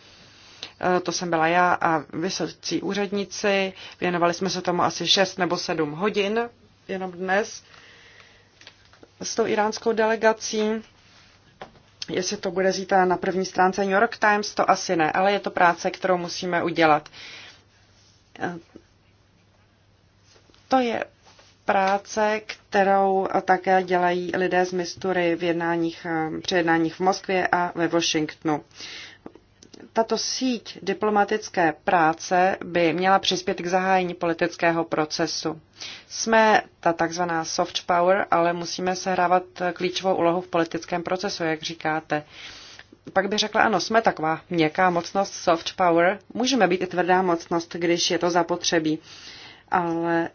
S4: E, to jsem byla já a vysocí úředníci. Věnovali jsme se tomu asi 6 nebo 7 hodin jenom dnes s tou iránskou delegací. Jestli to bude zítra na první stránce New York Times, to asi ne, ale je to práce, kterou musíme udělat e, to je práce, kterou také dělají lidé z Mistury v jednáních, eh, při jednáních v Moskvě a ve Washingtonu. Tato síť diplomatické práce by měla přispět k zahájení politického procesu. Jsme ta takzvaná soft power, ale musíme sehrávat klíčovou úlohu v politickém procesu, jak říkáte. Pak by řekla, ano, jsme taková měkká mocnost, soft power. Můžeme být i tvrdá mocnost, když je to zapotřebí. Ale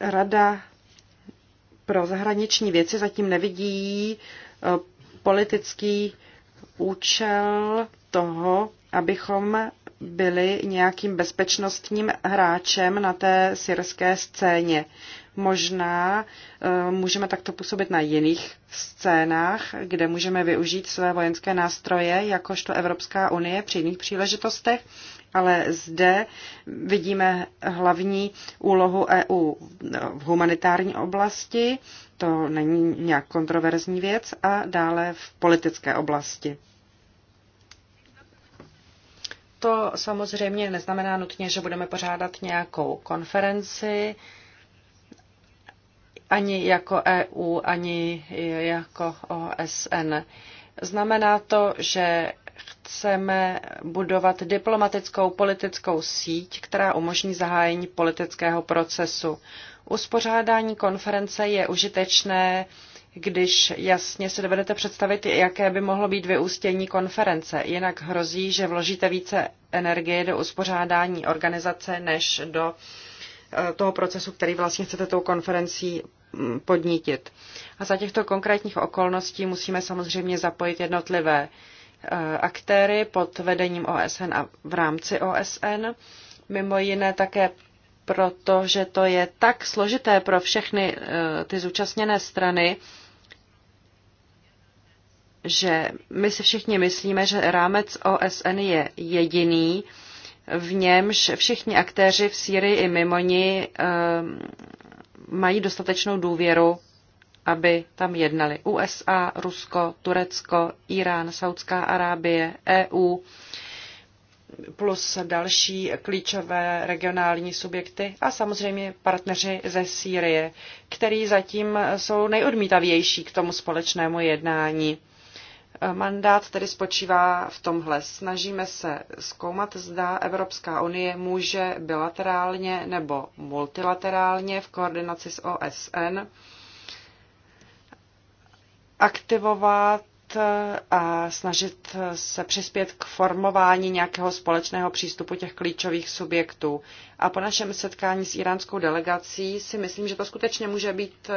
S4: Rada pro zahraniční věci zatím nevidí eh, politický účel toho, abychom byli nějakým bezpečnostním hráčem na té syrské scéně. Možná eh, můžeme takto působit na jiných scénách, kde můžeme využít své vojenské nástroje, jakožto Evropská unie při jiných příležitostech, ale zde vidíme hlavní úlohu EU v humanitární oblasti, to není nějak kontroverzní věc, a dále v politické oblasti. To samozřejmě neznamená nutně, že budeme pořádat nějakou konferenci, ani jako EU, ani jako OSN. Znamená to, že chceme budovat diplomatickou politickou síť, která umožní zahájení politického procesu. Uspořádání konference je užitečné, když jasně si dovedete představit, jaké by mohlo být vyústění konference. Jinak hrozí, že vložíte více energie do uspořádání organizace než do eh, toho procesu, který vlastně chcete tou konferencí mm, podnítit. A za těchto konkrétních okolností musíme samozřejmě zapojit jednotlivé Eh, aktéry pod vedením OSN a v rámci OSN, mimo jiné také proto, že to je tak složité pro všechny eh, ty zúčastněné strany, že my si všichni myslíme, že rámec OSN je jediný, v němž všichni aktéři v Sýrii i mimo ní eh, mají dostatečnou důvěru aby tam jednali USA, Rusko, Turecko, Irán, Saudská Arábie, EU plus další klíčové regionální subjekty a samozřejmě partneři ze Sýrie, který zatím jsou nejodmítavější k tomu společnému jednání. Mandát tedy spočívá v tomhle. Snažíme se zkoumat, zda Evropská unie může bilaterálně nebo multilaterálně v koordinaci s OSN aktivovat eh, a snažit eh, se přispět k formování nějakého společného přístupu těch klíčových subjektů. A po našem setkání s iránskou delegací si myslím, že to skutečně může být eh,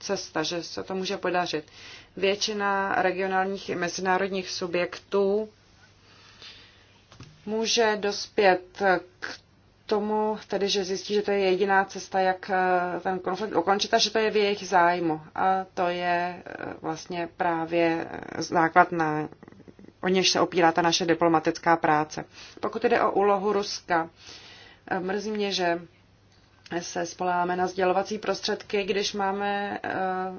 S4: cesta, že se to může podařit. Většina regionálních i mezinárodních subjektů může dospět k tomu, tedy, že zjistí, že to je jediná cesta, jak eh, ten konflikt ukončit a že to je v jejich zájmu. A to je eh, vlastně právě eh, základ, na, o něž se opírá ta naše diplomatická práce. Pokud jde o úlohu Ruska, mrzí mě, že se spoláme na sdělovací prostředky, když máme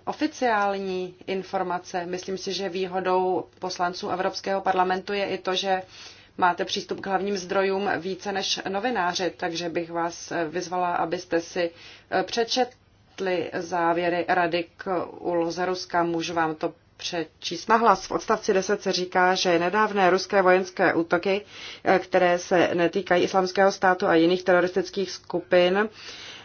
S4: oficiální informace. Myslím si, že výhodou poslanců Evropského parlamentu je i to, že máte přístup k hlavním zdrojům více než novináři, takže bych vás vyzvala, abyste si eh, přečetli závěry rady k úloze Ruska. Můžu vám to přečíst hlas. V odstavci 10 se říká, že nedávné ruské vojenské útoky, eh, které se netýkají islamského státu a jiných teroristických skupin,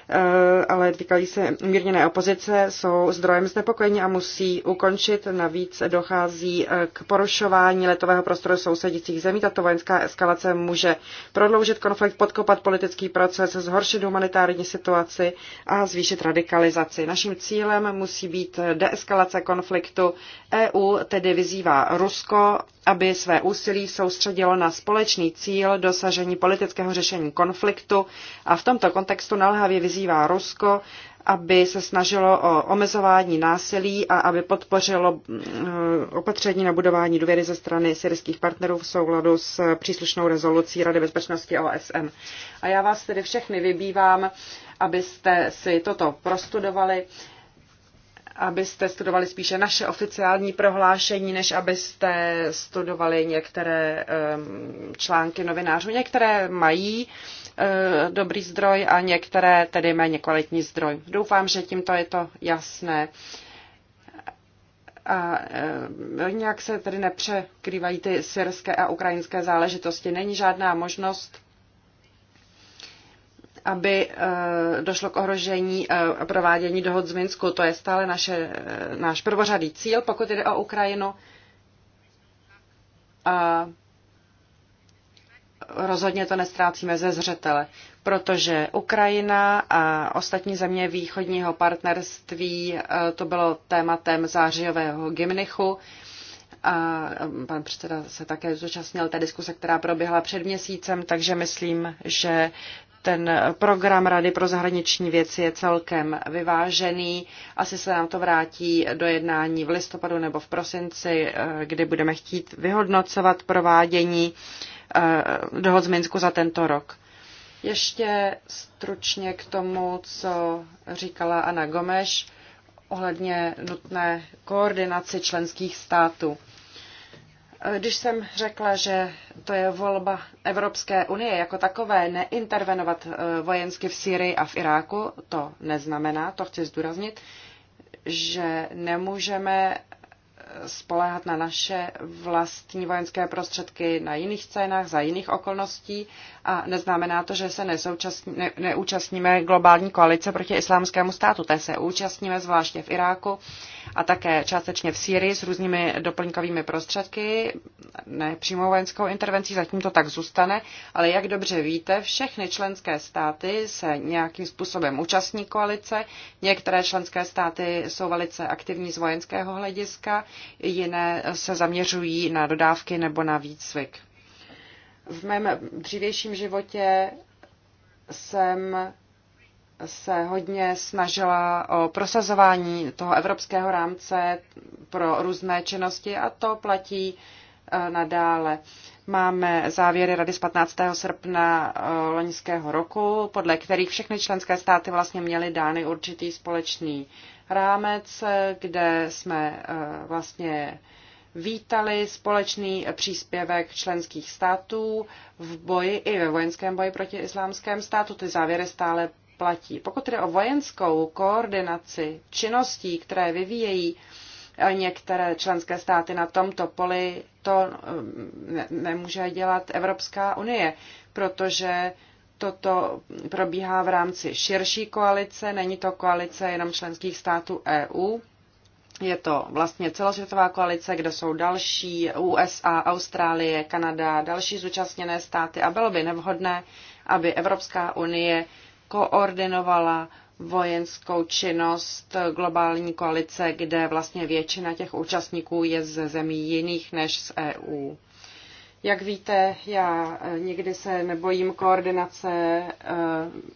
S4: Eh, ale týkají se umírněné opozice, jsou zdrojem znepokojení a musí ukončit. Navíc dochází eh, k porušování letového prostoru sousedících zemí. Tato vojenská eskalace může prodloužit konflikt, podkopat politický proces, zhoršit humanitární situaci a zvýšit radikalizaci. Naším cílem musí být deeskalace konfliktu. EU tedy vyzývá Rusko, aby své úsilí soustředilo na společný cíl dosažení politického řešení konfliktu a v tomto kontextu nalhavě vyzývá vyzývá Rusko, aby se snažilo o omezování násilí a aby podpořilo mm, eh, opatření na budování důvěry ze strany syrských partnerů v souladu s příslušnou rezolucí Rady bezpečnosti OSN. A já vás tedy všechny vybývám, abyste si toto prostudovali, abyste studovali spíše naše oficiální prohlášení, než abyste studovali některé články novinářů. Některé mají Eh, dobrý zdroj a některé tedy méně kvalitní zdroj. Doufám, že tímto je to jasné. A eh, nějak se tedy nepřekrývají ty syrské a ukrajinské záležitosti. Není žádná možnost aby eh, došlo k ohrožení provádění dohod z Minsku. To je stále naše, náš prvořadý cíl, pokud jde o Ukrajinu. A rozhodně to nestrácíme ze zřetele, protože Ukrajina a ostatní země východního partnerství, eh, to bylo tématem zářijového gymnichu, a eh, pan předseda se také zúčastnil té diskuse, která proběhla před měsícem, takže myslím, že ten program Rady pro zahraniční věci je celkem vyvážený. Asi se nám to vrátí do jednání v listopadu nebo v prosinci, eh, kdy budeme chtít vyhodnocovat provádění Eh, dohod z Minsku za tento rok. Ještě stručně k tomu, co říkala Ana Gomeš ohledně nutné koordinaci členských států. Eh, když jsem řekla, že to je volba Evropské unie jako takové neintervenovat eh, vojensky v Syrii a v Iráku, to neznamená, to chci zdůraznit, že nemůžeme spoléhat na naše vlastní vojenské prostředky na jiných scénách, za jiných okolností a neznamená to, že se ne, neúčastníme globální koalice proti islámskému státu. Té se účastníme zvláště v Iráku a také částečně v Sýrii s různými doplňkovými prostředky, ne přímo vojenskou intervencí, zatím to tak zůstane, ale jak dobře víte, všechny členské státy se nějakým způsobem účastní koalice, některé členské státy jsou velice aktivní z vojenského hlediska, jiné se zaměřují na dodávky nebo na výcvik. V mém dřívějším životě jsem se hodně snažila o prosazování toho evropského rámce pro různé činnosti a to platí e, nadále. Máme závěry Rady z 15. srpna e, loňského roku, podle kterých všechny členské státy vlastně měly dány určitý společný rámec, kde jsme e, vlastně vítali společný příspěvek členských států v boji i ve vojenském boji proti islámském státu. Ty závěry stále platí. Pokud jde o vojenskou koordinaci činností, které vyvíjejí eh, některé členské státy na tomto poli, to eh, nemůže dělat Evropská unie, protože toto probíhá v rámci širší koalice, není to koalice jenom členských států EU, je to vlastně celosvětová koalice, kde jsou další USA, Austrálie, Kanada, další zúčastněné státy a bylo by nevhodné, aby Evropská unie koordinovala vojenskou činnost globální koalice, kde vlastně většina těch účastníků je ze zemí jiných než z EU. Jak víte, já eh, nikdy se nebojím koordinace, eh,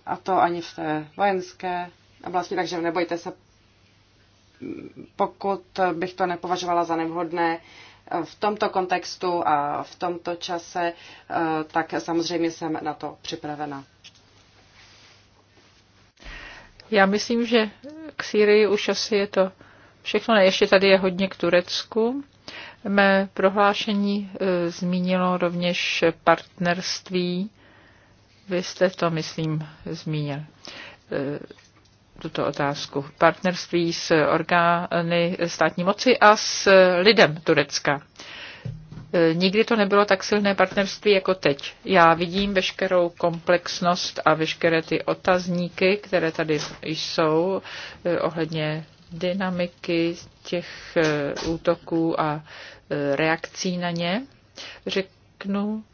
S4: a to ani v té vojenské oblasti, takže nebojte se, pokud bych to nepovažovala za nevhodné eh, v tomto kontextu a v tomto čase, tak samozřejmě jsem na to připravena.
S2: Já myslím, že k Sýrii už asi je to všechno. Ne, ještě tady je hodně k Turecku. Mé prohlášení e, zmínilo rovněž partnerství. Vy jste to, myslím, zmínil. E, tuto otázku. Partnerství s orgány státní moci a s lidem Turecka. E, E, nikdy to nebylo tak silné partnerství jako teď. Já vidím veškerou komplexnost a veškeré ty otazníky, které tady jsou e, ohledně dynamiky těch e, útoků a reakcí na ně. Řeknu,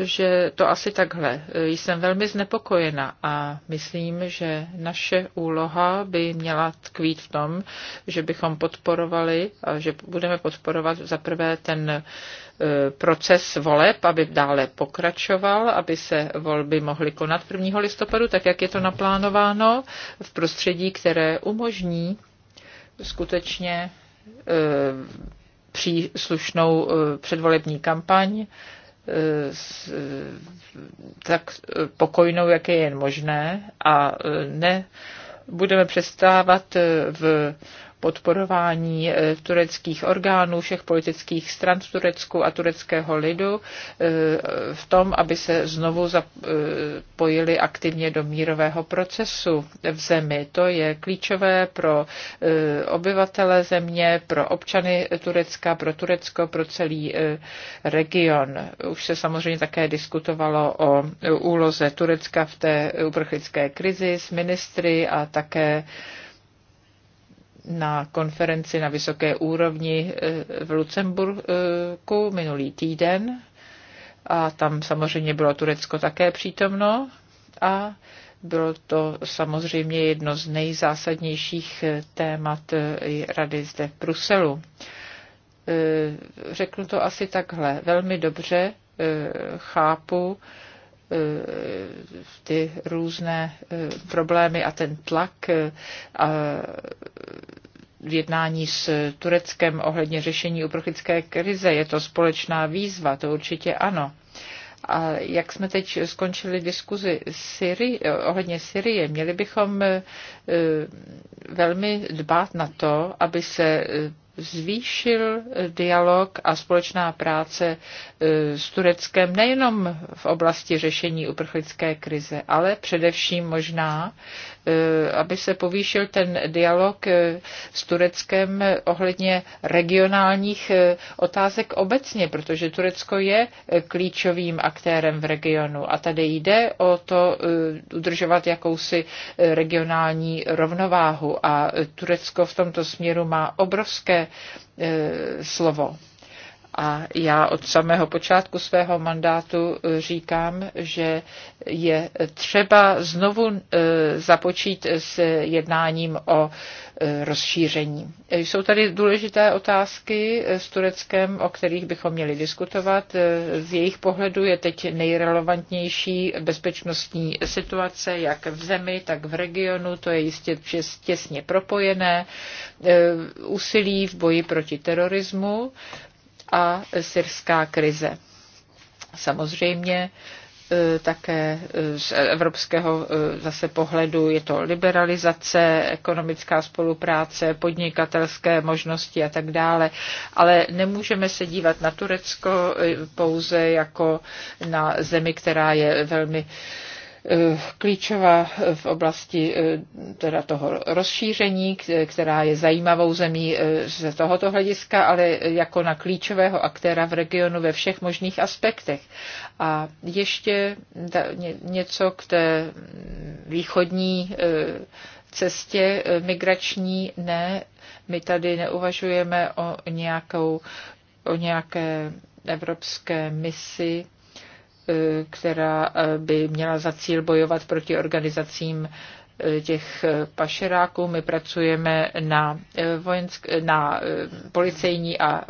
S2: že to asi takhle. Jsem velmi znepokojena a myslím, že naše úloha by měla tkvít v tom, že bychom podporovali, že budeme podporovat za prvé ten Eh, proces voleb, aby dále pokračoval, aby se volby mohly konat 1. listopadu, tak jak je to naplánováno, v prostředí, které umožní skutečně eh, příslušnou eh, předvolební kampaň tak pokojnou, jak je jen možné a ne budeme přestávat v podporování eh, tureckých orgánů, všech politických stran v Turecku a tureckého lidu eh, v tom, aby se znovu zapojili eh, aktivně do mírového procesu v zemi. To je klíčové pro obyvatele země, pro občany Turecka, pro Turecko, pro celý region. Už se samozřejmě také diskutovalo o úloze Turecka v té uprchlické krizi s ministry a také na konferenci na vysoké úrovni eh, v Lucemburku minulý týden a tam samozřejmě bylo Turecko také přítomno a bylo to samozřejmě jedno z nejzásadnějších eh, témat eh, rady zde v Bruselu. Řeknu to asi takhle. Velmi dobře chápu Eh, ty různé eh, problémy a ten tlak eh, a v jednání s Tureckem ohledně řešení uprchlické krize. Je to společná výzva, to určitě ano. A jak jsme teď skončili diskuzi Syrii, ohledně Syrie, měli bychom velmi dbát na to, aby se zvýšil dialog a společná práce e, s Tureckem nejenom v oblasti řešení uprchlické krize, ale především možná, e, aby se povýšil ten dialog e, s Tureckem ohledně regionálních otázek obecně, protože Turecko je klíčovým aktérem v regionu a tady jde o to udržovat jakousi regionální rovnováhu a Turecko v tomto směru má obrovské E, slovo. A já od samého počátku svého mandátu eh, říkám, že je třeba znovu eh, započít s jednáním o eh, rozšíření. Jsou tady důležité otázky s Tureckem, o kterých bychom měli diskutovat. Z jejich pohledu je teď nejrelevantnější bezpečnostní situace, jak v zemi, tak v regionu. To je jistě těsně propojené. Úsilí v boji proti terorismu a syrská krize. Samozřejmě e, také z evropského e, zase pohledu je to liberalizace, ekonomická spolupráce, podnikatelské možnosti a tak dále. Ale nemůžeme se dívat na Turecko e, pouze jako na zemi, která je velmi Eh, klíčová eh, v oblasti eh, teda toho rozšíření, která je zajímavou zemí z tohoto hlediska, ale jako na klíčového aktéra v regionu ve všech možných aspektech. A ještě něco k té mm, východní cestě migrační ne, my tady neuvažujeme o nějakou o nějaké evropské misi Eh, která eh, by měla za cíl bojovat proti organizacím eh, těch pašeráků. My pracujeme na, vojensk, na policejní a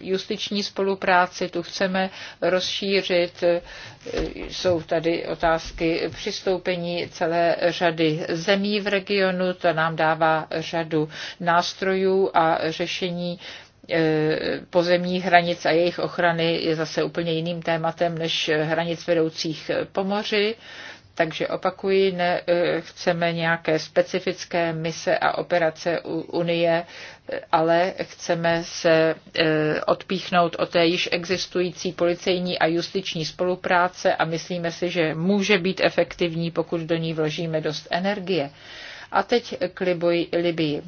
S2: justiční spolupráci, tu chceme rozšířit. Jsou tady otázky přistoupení celé řady zemí v regionu, to nám dává řadu nástrojů a řešení E, pozemních hranic a jejich ochrany je zase úplně jiným tématem než hranic vedoucích po moři. Takže opakuji, ne, e, chceme nějaké specifické mise a operace u Unie, e, ale chceme se odpíchnout od té již existující policejní a justiční spolupráce a myslíme si, že může být efektivní, pokud do ní vložíme dost energie. A teď k Libii.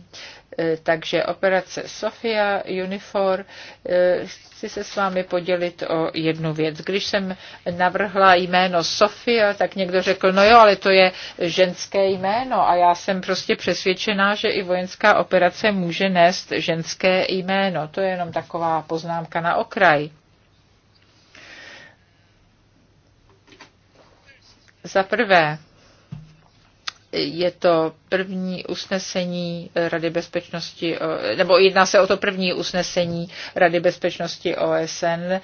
S2: E, takže operace Sofia, Unifor, e, chci se s vámi podělit o jednu věc. Když jsem navrhla jméno Sofia, tak někdo řekl, no jo, ale to je ženské jméno a já jsem prostě přesvědčená, že i vojenská operace může nést ženské jméno. To je jenom taková poznámka na okraj. Za prvé, je to první usnesení Rady bezpečnosti, nebo jedná se o to první usnesení Rady bezpečnosti OSN, e,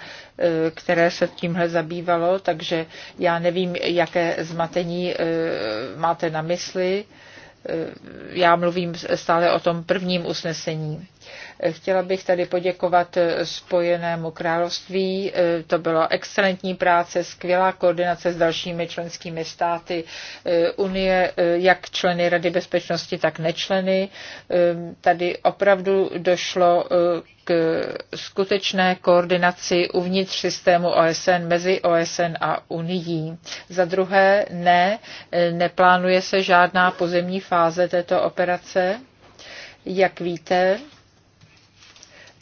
S2: které se tímhle zabývalo, takže já nevím, jaké zmatení e, máte na mysli. E, já mluvím stále o tom prvním usnesení. Chtěla bych tady poděkovat eh, Spojenému království. Eh, to bylo excelentní práce, skvělá koordinace s dalšími členskými státy eh, Unie, jak členy Rady bezpečnosti, tak nečleny. Tady opravdu došlo k skutečné koordinaci uvnitř systému OSN mezi OSN a Unií. Za druhé, ne, neplánuje se žádná pozemní fáze této operace. Jak víte,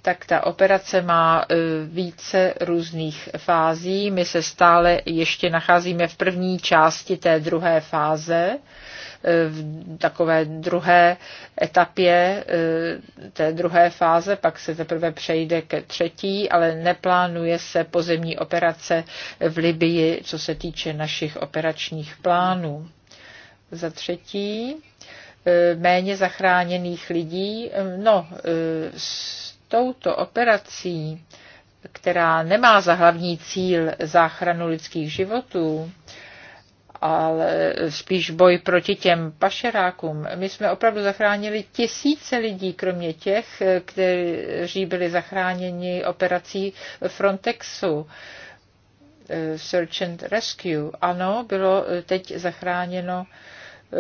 S2: tak ta operace má e, více různých fází. My se stále ještě nacházíme v první části té druhé fáze, e, v takové druhé etapě e, té druhé fáze, pak se teprve přejde ke třetí, ale neplánuje se pozemní operace v Libii, co se týče našich operačních plánů. Za třetí, méně zachráněných lidí. No, touto operací, která nemá za hlavní cíl záchranu lidských životů, ale spíš boj proti těm pašerákům. My jsme opravdu zachránili tisíce lidí, kromě těch, kteří byli zachráněni operací Frontexu. Search and Rescue. Ano, bylo teď zachráněno eh,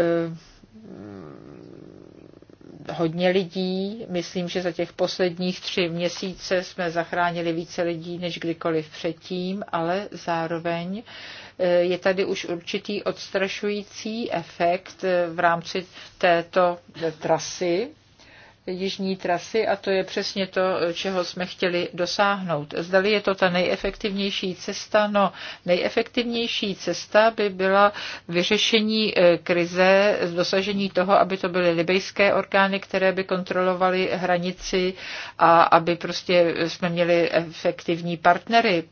S2: hodně lidí. Myslím, že za těch posledních tři měsíce jsme zachránili více lidí než kdykoliv předtím, ale zároveň eh, je tady už určitý odstrašující efekt eh, v rámci této trasy jižní trasy a to je přesně to, čeho jsme chtěli dosáhnout. Zdali je to ta nejefektivnější cesta? No, nejefektivnější cesta by byla vyřešení eh, krize, dosažení toho, aby to byly libejské orgány, které by kontrolovaly hranici a aby prostě jsme měli efektivní partnery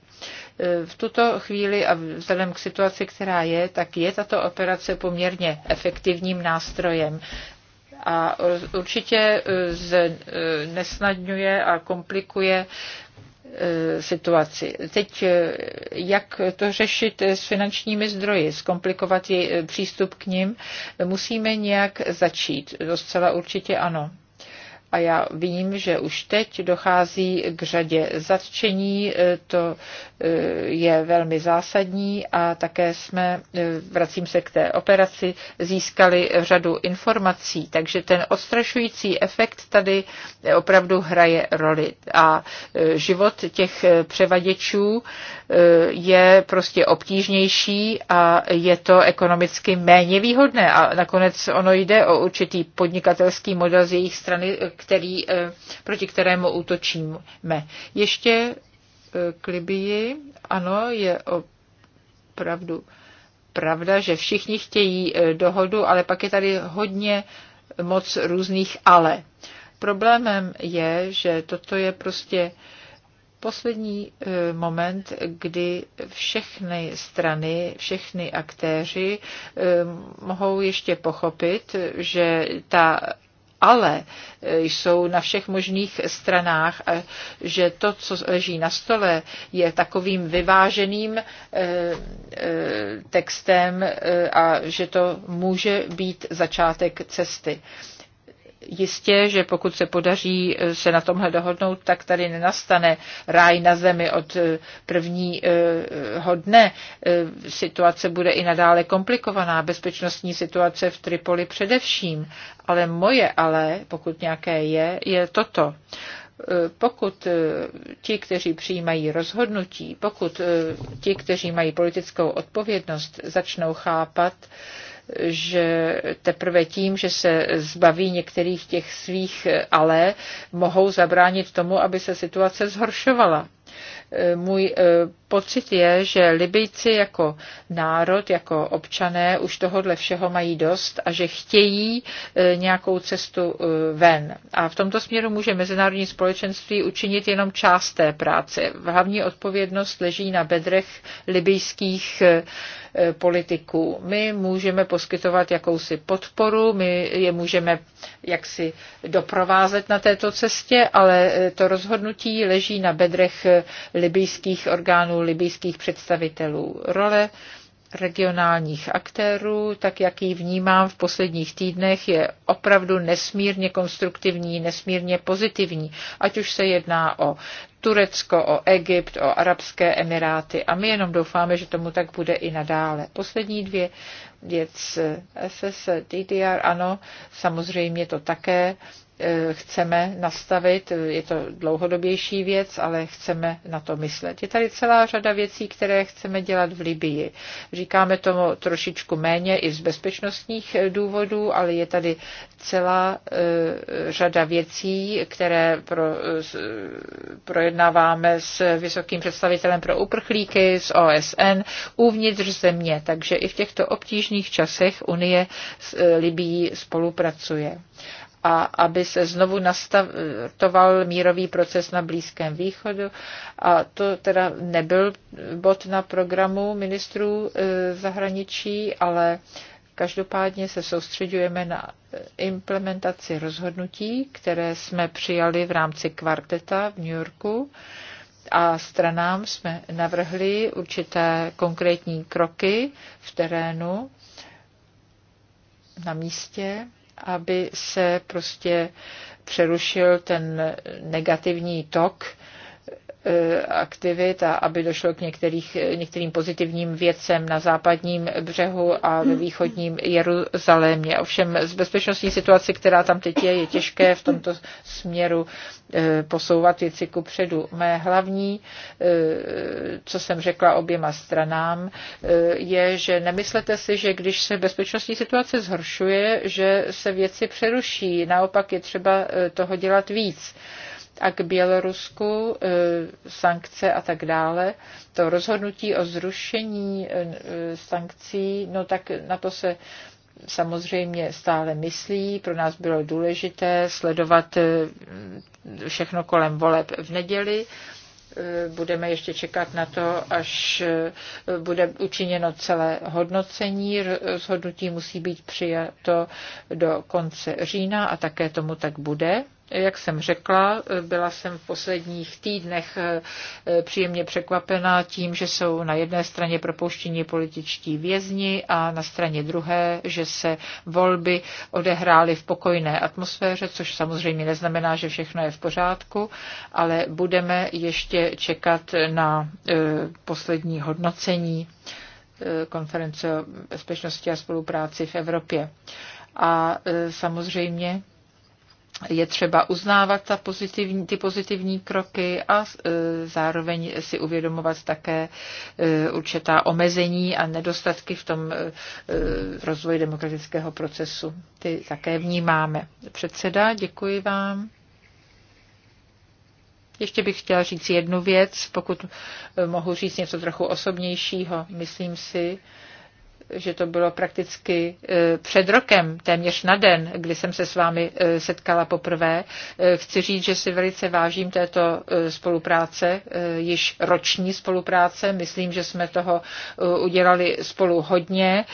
S2: eh, v tuto chvíli a vzhledem k situaci, která je, tak je tato operace poměrně efektivním nástrojem a určitě eh, eh, nesnadňuje a komplikuje eh, situaci. Teď jak to řešit s finančními zdroji, zkomplikovat jej přístup k ním, musíme nějak začít. Zcela určitě ano a já vím, že už teď dochází k řadě zatčení, e, to e, je velmi zásadní a také jsme, e, vracím se k té operaci, získali řadu informací, takže ten odstrašující efekt tady opravdu hraje roli a život těch převaděčů je prostě obtížnější a je to ekonomicky méně výhodné a nakonec ono jde o určitý podnikatelský model z jejich strany, který, eh, proti kterému útočíme. Ještě eh, k Libii, ano, je opravdu pravda, že všichni chtějí eh, dohodu, ale pak je tady hodně moc různých ale. Problémem je, že toto je prostě poslední moment, kdy všechny strany, všechny aktéři mohou ještě pochopit, že ta ale e, jsou na všech možných stranách, e, že to, co leží na stole, je takovým vyváženým e, textem a že to může být začátek cesty jistě, že pokud se podaří eh, se na tomhle dohodnout, tak tady nenastane ráj na zemi od eh, prvního eh, dne. Situace bude i nadále komplikovaná, bezpečnostní situace v Tripoli především. Ale moje ale, pokud nějaké je, je toto pokud ti, kteří přijímají rozhodnutí, pokud ti, kteří mají politickou odpovědnost, začnou chápat, že teprve tím, že se zbaví některých těch svých ale, mohou zabránit tomu, aby se situace zhoršovala. Můj e, pocit je, že Libyjci jako národ, jako občané už tohodle všeho mají dost a že chtějí e, nějakou cestu e, ven. A v tomto směru může mezinárodní společenství učinit jenom část té práce. Hlavní odpovědnost leží na bedrech libijských politiků. My můžeme poskytovat jakousi podporu, my je můžeme jaksi doprovázet na této cestě, ale to rozhodnutí leží na bedrech libijských orgánů, libijských představitelů. Role regionálních aktérů, tak jak ji vnímám v posledních týdnech, je opravdu nesmírně konstruktivní, nesmírně pozitivní, ať už se jedná o Turecko, o Egypt, o Arabské Emiráty a my jenom doufáme, že tomu tak bude i nadále. Poslední dvě věc SS, DDR, ano, samozřejmě to také Eh, chceme nastavit, je to dlouhodobější věc, ale chceme na to myslet. Je tady celá řada věcí, které chceme dělat v Libii. Říkáme tomu trošičku méně i z bezpečnostních eh, důvodů, ale je tady celá eh, řada věcí, které pro, projednáváme s vysokým představitelem pro uprchlíky, s OSN, uvnitř země. Takže i v těchto obtížných časech Unie s Libií spolupracuje a aby se znovu nastavoval mírový proces na Blízkém východu. A to teda nebyl bod na programu ministrů e, zahraničí, ale Každopádně se soustředujeme na implementaci rozhodnutí, které jsme přijali v rámci kvarteta v New Yorku a stranám jsme navrhli určité konkrétní kroky v terénu na místě aby se prostě přerušil ten negativní tok Eh, aktivit a aby došlo k některých, některým pozitivním věcem na západním břehu a ve východním Jeruzalémě. Ovšem z bezpečnostní situace, která tam teď je, je těžké v tomto směru eh, posouvat věci ku předu. Mé hlavní, eh, co jsem řekla oběma stranám, je, že nemyslete si, že když se bezpečnostní situace zhoršuje, že se věci přeruší. Naopak je třeba toho dělat víc a k Bělorusku e, sankce a tak dále. To rozhodnutí o zrušení e, e, sankcí, no tak na to se samozřejmě stále myslí. Pro nás bylo důležité sledovat všechno kolem voleb v neděli budeme ještě čekat na to, až bude učiněno celé hodnocení. Rozhodnutí musí být přijato do konce října a také tomu tak bude. Jak jsem řekla, byla jsem v posledních týdnech eh, příjemně překvapena tím, že jsou na jedné straně propouštění političtí vězni a na straně druhé, že se volby odehrály v pokojné atmosféře, což samozřejmě neznamená, že všechno je v pořádku, ale budeme ještě čekat na eh, poslední hodnocení eh, konference o bezpečnosti a spolupráci v Evropě. A samozřejmě je třeba uznávat ta pozitivní, ty pozitivní kroky a e, zároveň si uvědomovat také e, určitá omezení a nedostatky v tom e, rozvoji demokratického procesu. Ty také vnímáme. Předseda, děkuji vám. Ještě bych chtěla říct jednu věc, pokud mohu říct něco trochu osobnějšího. Myslím si, že to bylo prakticky e, před rokem, téměř na den, kdy jsem se s vámi e, setkala poprvé. E, chci říct, že si velice vážím této spolupráce, již roční spolupráce. Myslím, že jsme toho udělali spolu hodně.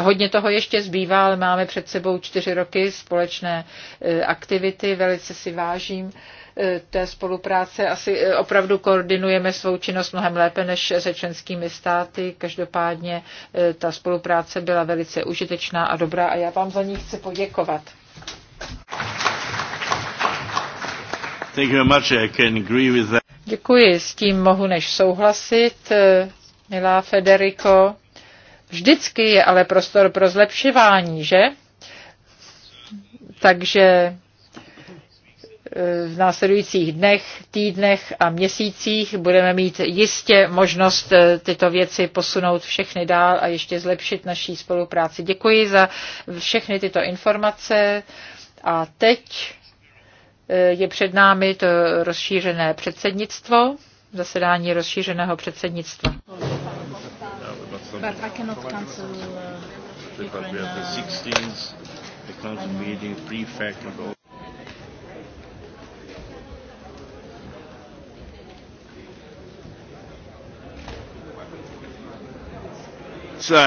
S2: Hodně toho ještě zbývá, ale máme před sebou čtyři roky společné aktivity. Velice si vážím E, té spolupráce. Asi e, opravdu koordinujeme svou činnost mnohem lépe než se členskými státy. Každopádně e, ta spolupráce byla velice užitečná a dobrá a já vám za ní chci poděkovat.
S1: Thank you very much. I can agree with that.
S2: Děkuji, s tím mohu než souhlasit, milá Federico. Vždycky je ale prostor pro zlepšování, že? Takže v následujících dnech, týdnech a měsících budeme mít jistě možnost eh, tyto věci posunout všechny dál a ještě zlepšit naší spolupráci. Děkuji za všechny tyto informace a teď eh, je před námi to rozšířené předsednictvo, zasedání rozšířeného předsednictva.
S1: But